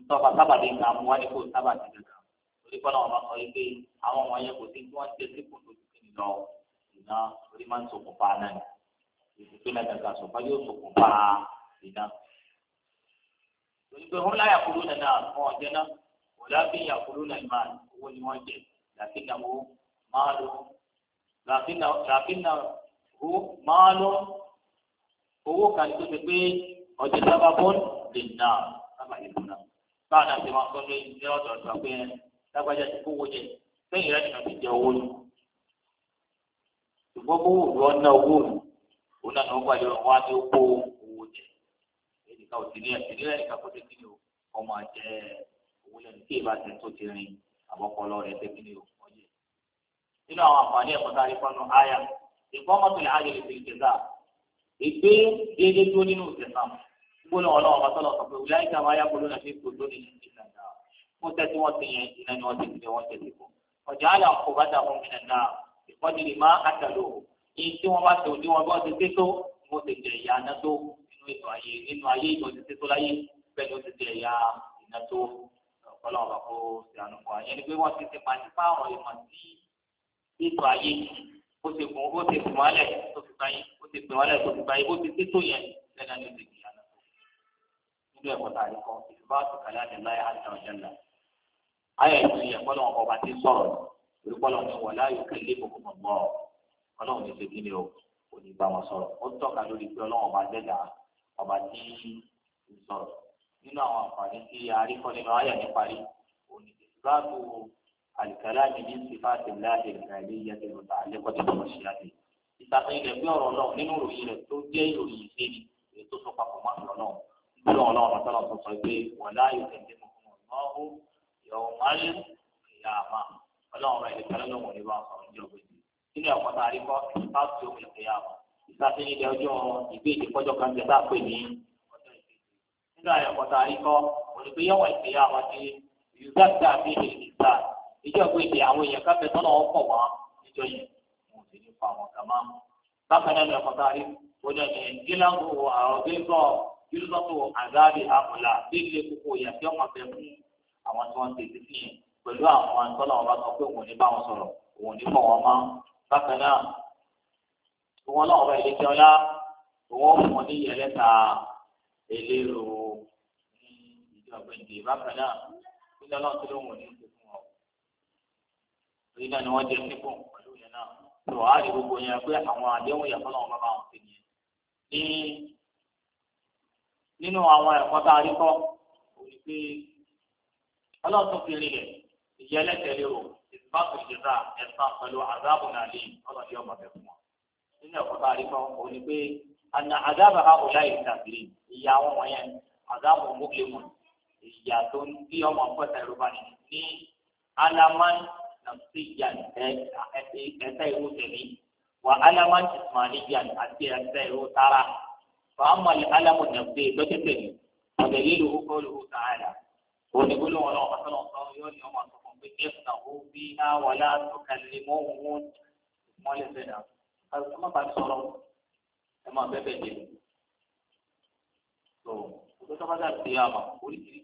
ntọ́ba sábàdì nǹkan mú wa ní kò sábàdì gàgà torí kọ́nà wọn bá sọ yìí pé àwọn ọmọ yẹn kò sí tí wọ́n ti dẹ́sí kò tó ti kiri lọ ìná orí máa ń ṣokùnfà náà ìfipínlẹ̀ gàgà ṣùgbọ́n yóò ṣokùnfà ìná. torí pé wọn láyà kúrò nàná ọ̀ jẹ́ náà ولكن يأكلون المال هو الموجه لكنه مال لكنه لكنه مال owó kan tó ti pé ọjọ́ sábà bọ́ọ̀lù lè nà sábà yìí lónà báwọn àti wọn sọ pé ní ọ̀dọ̀ ọ̀dọ̀ pé lágbájá ti kówó jẹ sẹ́yìn rẹ̀ nìkan ti jẹ owó nù ṣùgbọ́n kó wò lọ ná owó nù òun náà ní wọ́n gbàdúrà wọn wá ní kó owó jẹ ènìkan ò sí ní ẹ̀sìn nílẹ̀ nìkan kó tẹ́tí ni ọmọ àjẹ́ òun lẹ́nu tí ìbá ti tó ti rin àbọ̀pọ̀lọ rẹ̀ tẹ́kí ni òun jẹ. nínú àwọn àǹfààní ẹ̀kọ́ tá a rí fọ́nù àyà ìfọ́mọ́tòlẹ̀ àjẹlẹ̀ fi ìjẹta ìgbé déédé tó nínú ìjẹta gbólọ̀ ọlọ́wọ́ bàtọ́lọ̀ sọ pé wùlá ìjà wáyà gbóló náà fi kò lónìí ní ìjẹta fún tẹ́tí wọ́n ti yẹn iná ni wọ́n ti tilẹ̀ wọ́n tẹ̀lé kọ́ ọ̀jà àlà kò bá ta fún ìjẹta náà ìkọ́jìlì má àtàlò ọlọ́run bá kó ṣe ànúkọ ayé ni pé wọ́n ti ti pàṣípà ọ̀rọ̀ ìmọ̀ sí ètò ayé ó ti kún ó ti kún wálẹ̀ tó fi báyé ó ti pín wálẹ̀ tó fi báyé ó ti ti tó yẹn lẹ́nà ní ìdèkì àná nínú ẹ̀kọ́ tá a lè kọ́ ìfipá tó kàlẹ́ àti láyé àti ọ̀jẹ̀ ńlá ayé ìtún yẹn kọ́lọ́ bá ti sọ̀rọ̀ orí kọ́lọ́ ní wọ̀ láyò kélé gbogbo gbọ̀ ọlọ́run ní ṣe nínú àwọn àǹfààní tí àríkọ́ nínú àyà ní parí òní ìsìláàbù àlìkàláàmì ní sífàtì láàyè ìrìnàlẹ́ ìyàtọ̀ ìrọ̀tà àlékọ́tì lọ́wọ́ sí àti ìsàfihàn rẹ̀ bí ọ̀rọ̀ náà nínú ìròyìn rẹ̀ tó jẹ́ ìròyìn ìṣèlú èyí tó sọ papọ̀ mọ́ ọ̀rọ̀ náà bí ọ̀rọ̀ náà tọ́lọ̀ tó sọ pé wọ́n láàyò tẹ̀lé mọ́kànlọ́wọ́ ìyàwó máyé ìyá nínú àyọ̀kọ̀tà àríkọ́ olùgbéyàwó ìgbéyà wọn ti yorùbá ti àbí ìgbà ìjọ ìgbé ìdè àwọn èèyàn káfẹ́ tọ́lọ̀ wọn pọ̀ wá níjọ yẹn mo sì ní fa àwọn kàmá bákan náà ní ọ̀kọ̀tà àrí wọn ní gíláńgò àrùn gbẹ́ngọ̀ yúlọ́tò àgáàbì àmùlà líle kókó ìyàtí ọmọ fẹ́ fún àwọn tí wọ́n ti ti fi pẹ̀lú àwọn tọ́lọ̀ wọn sọ pé òun ní bá wọn sọ̀rọ̀ ìgbàgbẹ́ǹde bákan náà kí lọ́lá tó ló wọ̀n ní ìṣe fún ọ. èyí náà ni wọ́n jẹ sípò pẹ̀lú yẹn náà tó a lè gbogbo yẹn pé àwọn àdéhùn yẹn fọlọ́wọn bá wọn ti yẹn. ní nínú àwọn ẹ̀kọ́ tá a rí kọ́ òní pé ọlọ́run fi rí rẹ̀ ìyẹn ẹlẹ́tẹ̀lé o ìsìbáàkù ìjẹta ẹ̀sán pẹ̀lú àdáàbò náà lè ọlọ́run yóò mọ̀ bẹ̀ fún wọn. nínú ẹ̀kọ́ tá a rí kọ́ òní pé àná àdáàbò àbòlá ìtàkìrì ìyá tó ń bí ọmọ pẹ́ta yorùbá ni ní alaman nàfíjà ẹsẹ̀ ìwú tẹ̀lé wà alaman ismailija àti ẹsẹ̀ ìwú tara wà á mọ̀lẹ́ alamu nàfí lọ́jọ́ tẹ̀lé ọ̀dẹ̀ lílo ókó lóhùn sàárà òní gbólóhùn náà wà sọ́nà ọ̀sán yóò ní ọmọ àtọkùn pé ẹ̀fúnà ó bí iná wà látọ̀kà lè mọ́ òun mọ́lẹ̀ fẹ́ ẹ má bàa sọ̀rọ̀ ẹ má bẹ́ẹ̀ bẹ́ẹ̀ tó o tó tọ́ bá dà sí àmà oríṣiríṣi.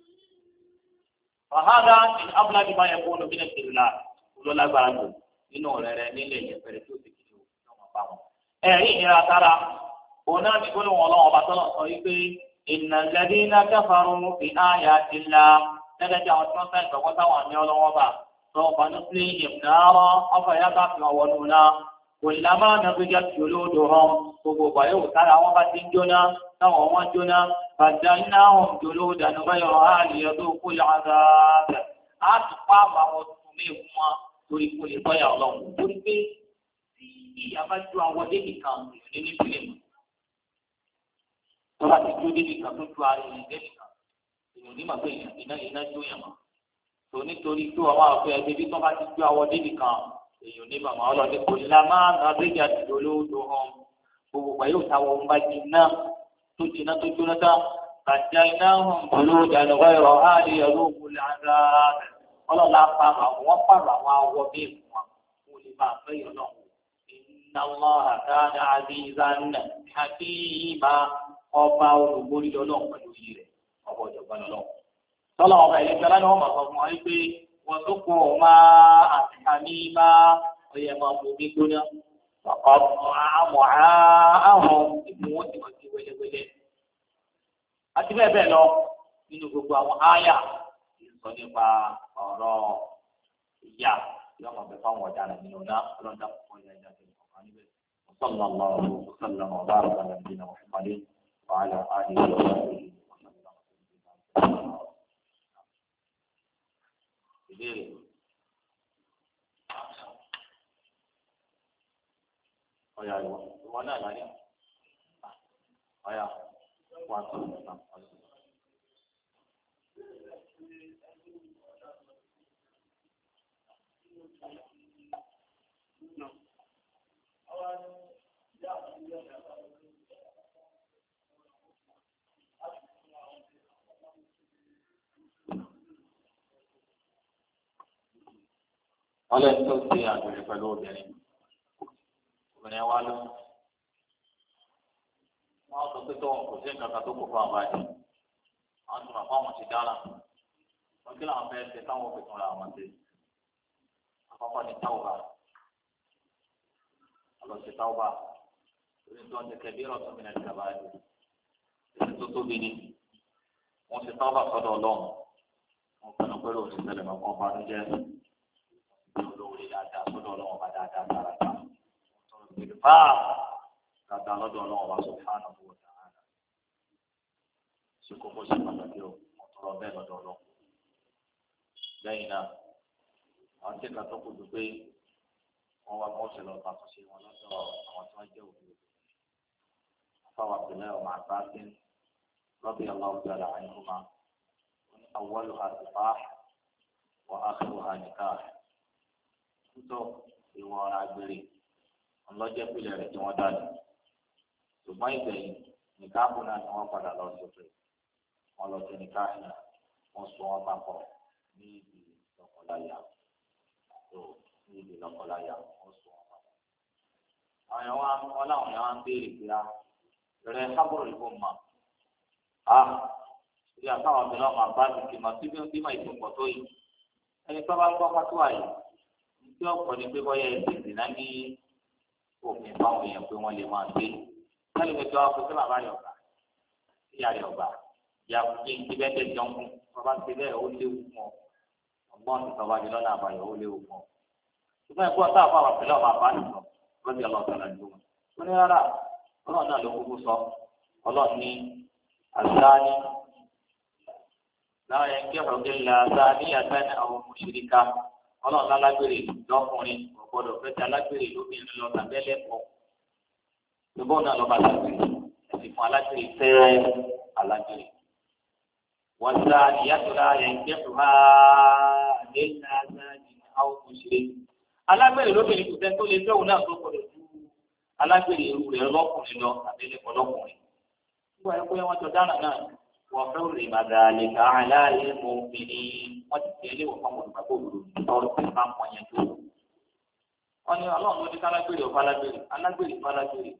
fàhádà ní abúládì máa yẹ kó lóbi náà ti la ló lágbára lò nínú ọ̀rẹ́ rẹ nílẹ̀ yẹn pẹ̀lú tó ti kiri o ní ọmọ bá wọn. ẹ̀rí ìnira tára òun náà ní gbólóhùn ọlọ́run ọba tọ́lọ̀ sọ wípé ìnàlẹ́dí náà kẹfàrún fi áyà ti la gẹ́gẹ́ bí àwọn tí wọ́n fẹ́ ìgbàgbọ́ táwọn àmì ọlọ́wọ́ bá sọ ọ̀fà ní kòlámà nàgbéjà tìoló dòhàn gbogbo bàyẹ̀ wò sára wọn bá ti ń jóná táwọn wọn jóná bàdánná hàn tìoló dànù báyọ̀ àlìyàn tó kó làǹdà bẹ̀ á tún pa àwọn tuntun mí fún wọn torí kò lè bọ́yà ọlọ́run torí pé tí ìyá bá ju àwọn débì kan èèyàn ní ní fílẹ̀ tọ́lá ti ju débì kan tó ju ara èèyàn débì kan èèyàn ní màgbé èèyàn iná iná jó yàn mọ́ nítorí tó àwọn àgbẹ̀ ẹgbẹ́ bí tọ́ ti ju àwọn débì kan èèyàn ní màmá ọlọ́ni kò ní lámà nàbẹ́jà tìlú olóòdò hàn gbogbo pàyẹ́ òta wọn bá jiná tó jiná tó jóná tá bàjá iná hàn pẹ̀lú ìdánilọ́wọ́ ẹ̀rọ áàlì ẹ̀rọ òkúlé ara ọlọ́la pa àwọn pààrọ̀ àwọn awọ bíi wọn kò lè máa fẹ́ yọ náà iná wọn àtàdá àbíyàn àti ìmà ọba olùborí lọ́nà yìí rẹ̀ ọ̀pọ̀ ìjọba lọ́nà. وتقوا ماء حميما ويمر بكنا وقطع معاءهم بموت وجبلبل àti bẹ́ẹ̀ bẹ́ẹ̀ lọ nínú gbogbo àwọn àyà sọ nípa ọ̀rọ̀ ìyá yóò máa bẹ fáwọn ọ̀daràn nínú náà ọlọ́dà púpọ̀ ìyá ìyá tó ń bọ̀ wọn níbẹ̀. وصلى الله وسلم وبارك على نبينا محمد وعلى اله وصحبه وسلم ìbéèrè mi. ọ̀yà ìwọ ìwọ náà láyà ọ̀yà wà á tọ̀ ọ̀sán. wọn lè tó ṣe àgbèrè pẹ̀lú obìnrin obìnrin wa ló wọn sọ pé tó kò sí nǹkan kan tó kò fún àbájá wọn tún àpá wọn ti dára wọn kí làwọn fẹ́ẹ́ ṣe táwọn òfin tún ra àwọn ṣe àkọ́kọ́ ní táwùbà ọlọsẹ táwùbà orí tó ń tẹkẹ bí ọlọsùn mi náà ti dábàá yìí èyí tó tóbi ni wọn ṣe táwùbà sọ́dọ̀ Ọlọ́run wọn pinnu pé lóòótọ́ ìṣẹ̀lẹ̀ máa kọ ọba ló jẹ ẹsẹ̀ dáadáa sọ́dọ̀ ọlọ́run ọba dáadáa sára ta tọrọ ìpèdè fáà dáadáa lọ́dọ̀ ọlọ́run ọba sọfánà owó dáadáa ṣe kókó ṣe pàtàkì o mo tọrọ bẹ́ẹ̀ lọ́dọ̀ ọlọ́run lẹ́yìn náà àwọn tí ìka tó kù dùn pé wọn wá kọ́ ṣẹlẹ̀ ọba àtúnṣe wọn lọ́dọ̀ àwọn tí wọ́n jẹ́ òbí òbí fáwọn àpèlẹ́ ọmọ àgbà sí rọ́bì ọlọ́ọ̀gbẹ́ àwọn ìhùmá awọ́lùhà tìfáà wọ́n á kúrò hà nìkáà kútọ ìwọ ọ̀rọ̀ àgbèrè ọlọjẹ pìlẹ rẹ tí wọn dànù ṣùgbọ́n ìgbẹ̀yìn nìkan kù náà ni wọn padà lọ sókè wọn lọ sí nìkan àyà wọn sọ wọn papọ̀ ní ibi lọ́kọláya tó ní ibi lọ́kọláya wọn sọ wọn papọ̀. àwọn yẹn wọn wọn làwọn yẹn wọn béèrè pé a ah, rẹ sábúrò ìbò mà á ah, ìyá táwọn ọmọ náà máa bá mi kí máa bí wọn bí máa ìfọ̀pọ̀ tó yìí ẹni tó bá ń gbọ́ pátó àyè tí ọ̀pọ̀ ní pé bọ́yá ẹ̀sìn ìdìnnà ní òfin báwọn èèyàn pé wọ́n lè máa gbé kálí mi tó wá fún sí bàbá rẹ̀ ọ̀gá ìyá rẹ̀ ọ̀gá ìyá kí n ti bẹ́ẹ̀ tẹ̀ jọ fún bàbá ti bẹ́ẹ̀ ó léwu fún ọ ọgbọ́n ti sọ wájú lọ́nà àbáyọ ó léwu fún ọ. ṣùgbọ́n ẹ̀kọ́ tá a fọ àwọn pẹ̀lú nìkan lọ́dí ọlọ́ọ̀tà là wọn. ó ní rárá ọlọ́run náà ló kúkú sọ ọlọ́run ní àzáni láwọn ẹgbẹ́ ọ̀gẹ́ la àzáni àzáni àwọn mùṣírikà ọlọ́run lálágbèrè lọ́kùnrin kò gbọ́dọ̀ fẹ́ ti alágbèrè lóbìnrin lọ tàbí ẹlẹ́kọ̀ọ́ gbogbo náà lọ́ba lágbèrè ẹ̀sìn fún alágbèrè fẹ́ẹ́ alágbèrè. wọ́n sá ìyàtọ̀lá yẹn jẹ́tù ha lé náà ní àwọn òṣèré. alágbèrè lóbìnrin kò fẹ́ tó lè fẹ́ òun náà tó gbọ́dọ̀ ju alágbèrè irú rẹ̀ lọ́kùnrin lọ tàbí ẹlẹ́kọ̀ọ́ lọ́kùnrin. nígbà yẹn kó yẹn wọ́n jọ dáná náà وحرم ذلك على المؤمنين وتتلي وحمد مقبول صوت الإمام ويجوز wọ́n ní ọlọ́run ló ní kálágbèrè ọ̀fà alágbèrè alágbèrè ọ̀fà alágbèrè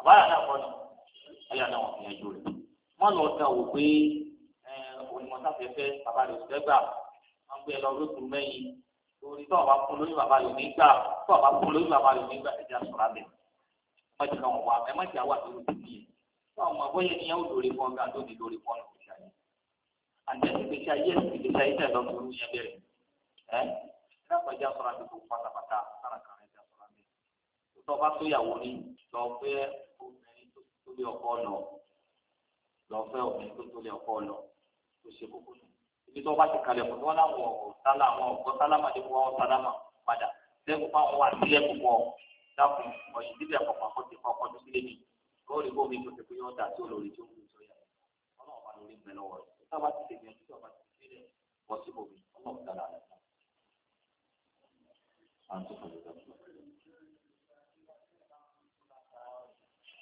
àbáyà náà kọ́ni ẹ̀yà náà wọ́n fi yanjú rẹ̀ wọ́n lọ da wò pé onímọ̀sáfẹ́fẹ́ bàbá rẹ̀ òṣìṣẹ́ gbà wọ́n gbé ẹ lọ lóṣù mẹ́yìn lórí tó ọba fún lórí bàbá rẹ̀ nígbà tó ọba fún lórí bàbá rẹ̀ nígbà ẹ̀jẹ̀ àṣọra bẹ̀ ẹ má jẹ́ àwọn wà ẹ má jẹ́ àwọn àti olùdíje wọn mọ̀ bóyá ènìyàn ò lórí kan gbà tó di lórí kan lọ sí ayé àtẹ̀sí gbèsè ayé gbèsè ayé tẹ̀ lọ fún yẹn bẹ̀rẹ̀ ẹ́ lápẹjá sọ̀rọ̀ àti gbogbo pátápátá sára kan rẹ̀ já sọ̀rọ̀ mi tó bá tó yàwó ni lọ fẹ́ obìnrin tó lé ọkọ lọ lọ fẹ́ obìnrin tó lé ọkọ lọ tó ṣe kókó nù ibi tó bá ti kalẹ̀ fún wọn láwọn ọ̀sálà àwọn ọ̀gbọ́n sálámà wọn sálámà padà wọ́n rí bómi tó ti pín ọ́dà tó lórí tó ń gbé sọ́yà ọlọ́run bá lórí mẹ́ lọ́wọ́ rẹ̀ tá a bá ti ṣe ìgbìyànjú tó a bá ti ṣe rẹ̀ wọ́n sí bómi ọlọ́run dára rẹ̀ náà.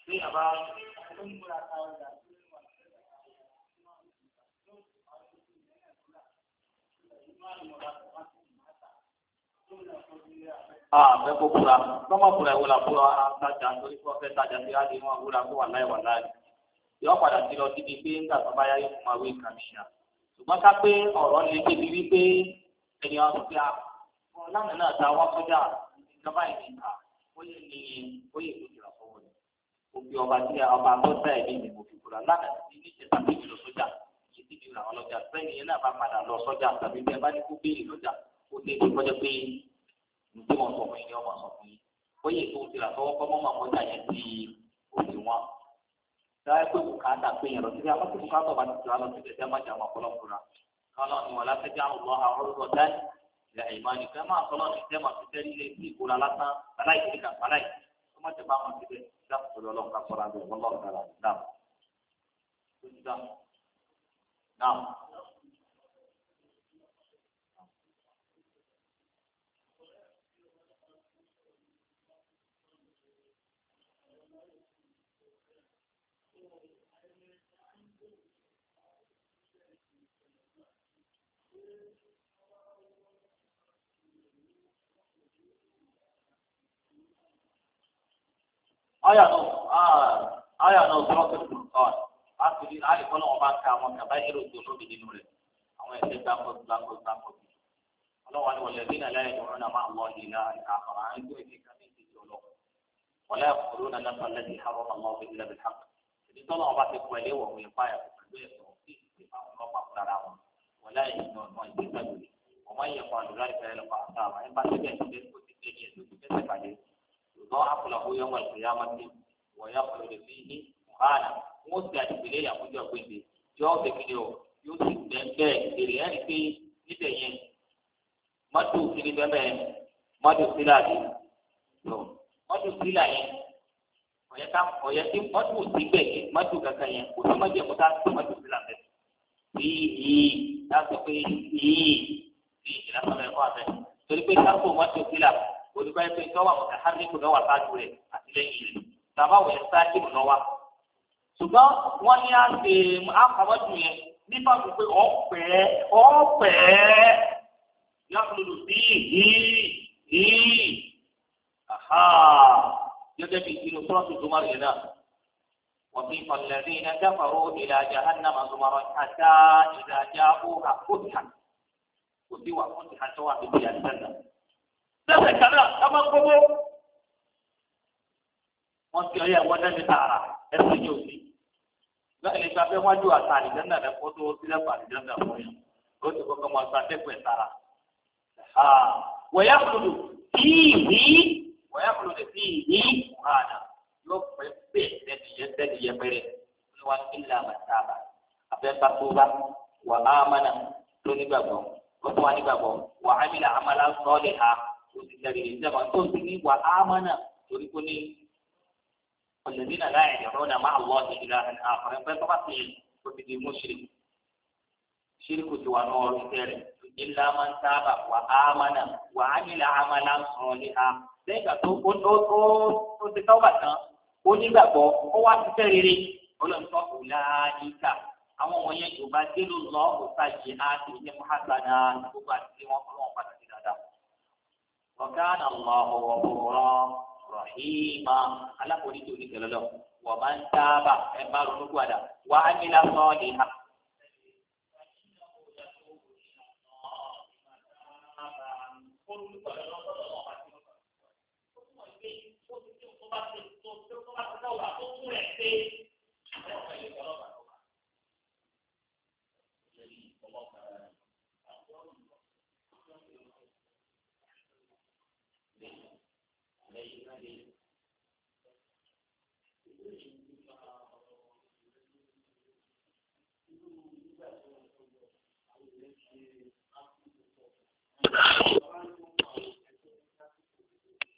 Bí a bá Thank you àfẹ́ ah, kó kúra lọ́mọ kúra ìwé làkúrọ̀ àtàjà torí kó fẹ́ tajà sí adé wọn wúra kó wà láì wà láì yọ padà sí lọ síbi pé ńgbà tó bá yáyé fún awé kàmíṣà ṣùgbọ́n ká pé ọ̀rọ̀ lè débi wípé ènìyàn sọ pé àwọn ah, lánàá náà ta wá sọ́jà ìjọba ìdìbà ó yẹ ní ó yẹ ìgbòkìlà fọwọ́ ni òbí ah, ọba tí ọba tó sá ẹ̀mí ni kò fi kúra lánàá ti ní ìṣẹ̀ta méjì lọ sọ́jà ìṣèjì ìlànà ọlọ́jà sẹ́yìn náà bá padà lọ sọ́jà tàbí bí kó lè ní kọjá pé nítorí wọn sọ fún yín ni wọn máa sọ fún yín bóyá ètò òsì rà sọwọ́ pọ́nmọ́ máa mọ́jà yẹn ti òsì wọn. sáyà pé bùkátà pé yẹn lọ síbi àwọn tó bùkátà bá ti tura lọ síbi ẹ̀jẹ̀ máa jà wọn kọ́ lọ́kùnrin kọ́nà ni wọn láti já àwọn àwọn ọ̀rọ̀ dání ìyá ìmánì kẹ́ máa sọ náà ní sẹ́ máa fi tẹ́ nílé sí ìkóra lásán aláì kiri àyà náà àyà náà sọ̀rọ̀ tó kù kàn á ti rí àyè kọ́ náà wọ́n bá ka àwọn kàbá ìrò tó lóbi nínú rẹ̀ àwọn ẹ̀ṣẹ̀ gbàgbọ́ gbàgbọ́ gbàgbọ́ bí ọlọ́wà ni wọlé bínú aláyẹ̀ tó rán àmà àwọn ìlà àkàrà á ń gbé ìdí kan ní ìdí ọlọ́ wọlé àkùrú náà náà ti kọ ọmọ ìyẹ̀kọ́ àdúrà ìfẹ́ yawm al-qiyamati wa yakhlud fihi muhana wọ́n ti àdìgbélé àkójọ gbèsè yọ bẹ̀kìlẹ̀ o yóò sì gbẹ bẹ́ẹ̀ èrè ẹ̀ rí pé níbẹ̀ yẹn mọ́tò kiri bẹ́ẹ̀ mọ́tò sílà bí mọ́tò sílà yẹn ọ̀yẹ́ ká ọ̀yẹ́ tí mọ́tò sí bẹ́ẹ̀ yẹn mọ́tò kankan yẹn kò sí mọ́tò ẹ̀kọ́ tá a tó mọ́tò sílà bẹ́ẹ̀ bí yìí láti pé yìí bí ìlànà ẹ̀kọ́ àbẹ̀ torí pé sáfù mọ́tò sílà bẹ́ẹ̀ olùkọ́ ẹgbẹ́ ìtọ́wà mọ̀tà hàmíkù náà wà sáájú rẹ̀ àti lẹ́yìn rẹ̀ tàbá wọ̀nyẹn sáájú náà wà. ṣùgbọ́n wọ́n ní à ń ṣe àpamọ́jú yẹn nípa tó pé ọ̀pẹ́ ọ̀pẹ́ yàtúndù sí yìí yìí gẹ́gẹ́ bí ìlú sọ́ọ̀tù zumar yẹn náà wọ́n fi falẹ̀ ní iná jáfàró ìlàjà hànàmà zumarọ̀ àti ìlàjà ó àkóṣà kò sí wà fún ìhàjọ́ àti ìyàtọ̀ náà lẹ́sẹ̀ kanáà ká máa gbogbo. wọ́n ti ọyẹ wọn lẹ́ni tààrà ẹsẹ̀ yóò ní. láì lè gba pé wọ́n ju àtà àdìjẹ́ndà rẹ̀ kó tó sílẹ̀ fún àdìjẹ́ndà fún yẹn. ó ti kọ́kọ́ máa gba tẹ́kọ̀ẹ́ tààrà. wọ̀yá kùdù tí ìhí wọ̀yá kùdù tí ìhí kùràdà yóò pẹ́ pẹ́ tẹ́tìyẹ tẹ́tìyẹ pẹ́rẹ́ wọn ilà màtàbà abẹ́pà tó bá nígbàgbọ́ ó tó nígbàgbọ́ wà á nílà àmàlà sọ́ọ̀lì ha òṣìṣẹ́ rere ìjọba tó ti ní wà ámánà torí kó ní ọ̀lẹ́dínà láì ẹ̀rọ náà máa lọ sí ìlà àfọ̀rẹ́ pẹ́ tọ́ba sí kó ti di mùsùlùmí ṣírìkù ti wà náà ọ̀rùn rẹ̀ ìlà máa ń sábà wà ámánà wà á nílẹ̀ ámánà ń sọ̀rọ̀ ní ha lẹ́yìn ìgbà tó ó ó ó ó ti tọ́ba tán ó nígbàgbọ́ ó wá ti fẹ́ rere ọlọ́ntọ́ kò láàyíká àwọn wọ̀nyẹn yorùbá délùú lọ́ọ́ kó sáà jẹ́ àti ìdí mọ́hásánà gbogbo àti wọn kọ́ wọn padà وكان الله غفورا رحيما على كل تولي كلو ومن تاب اما رنقوانا وعمل صالحا قل Oh.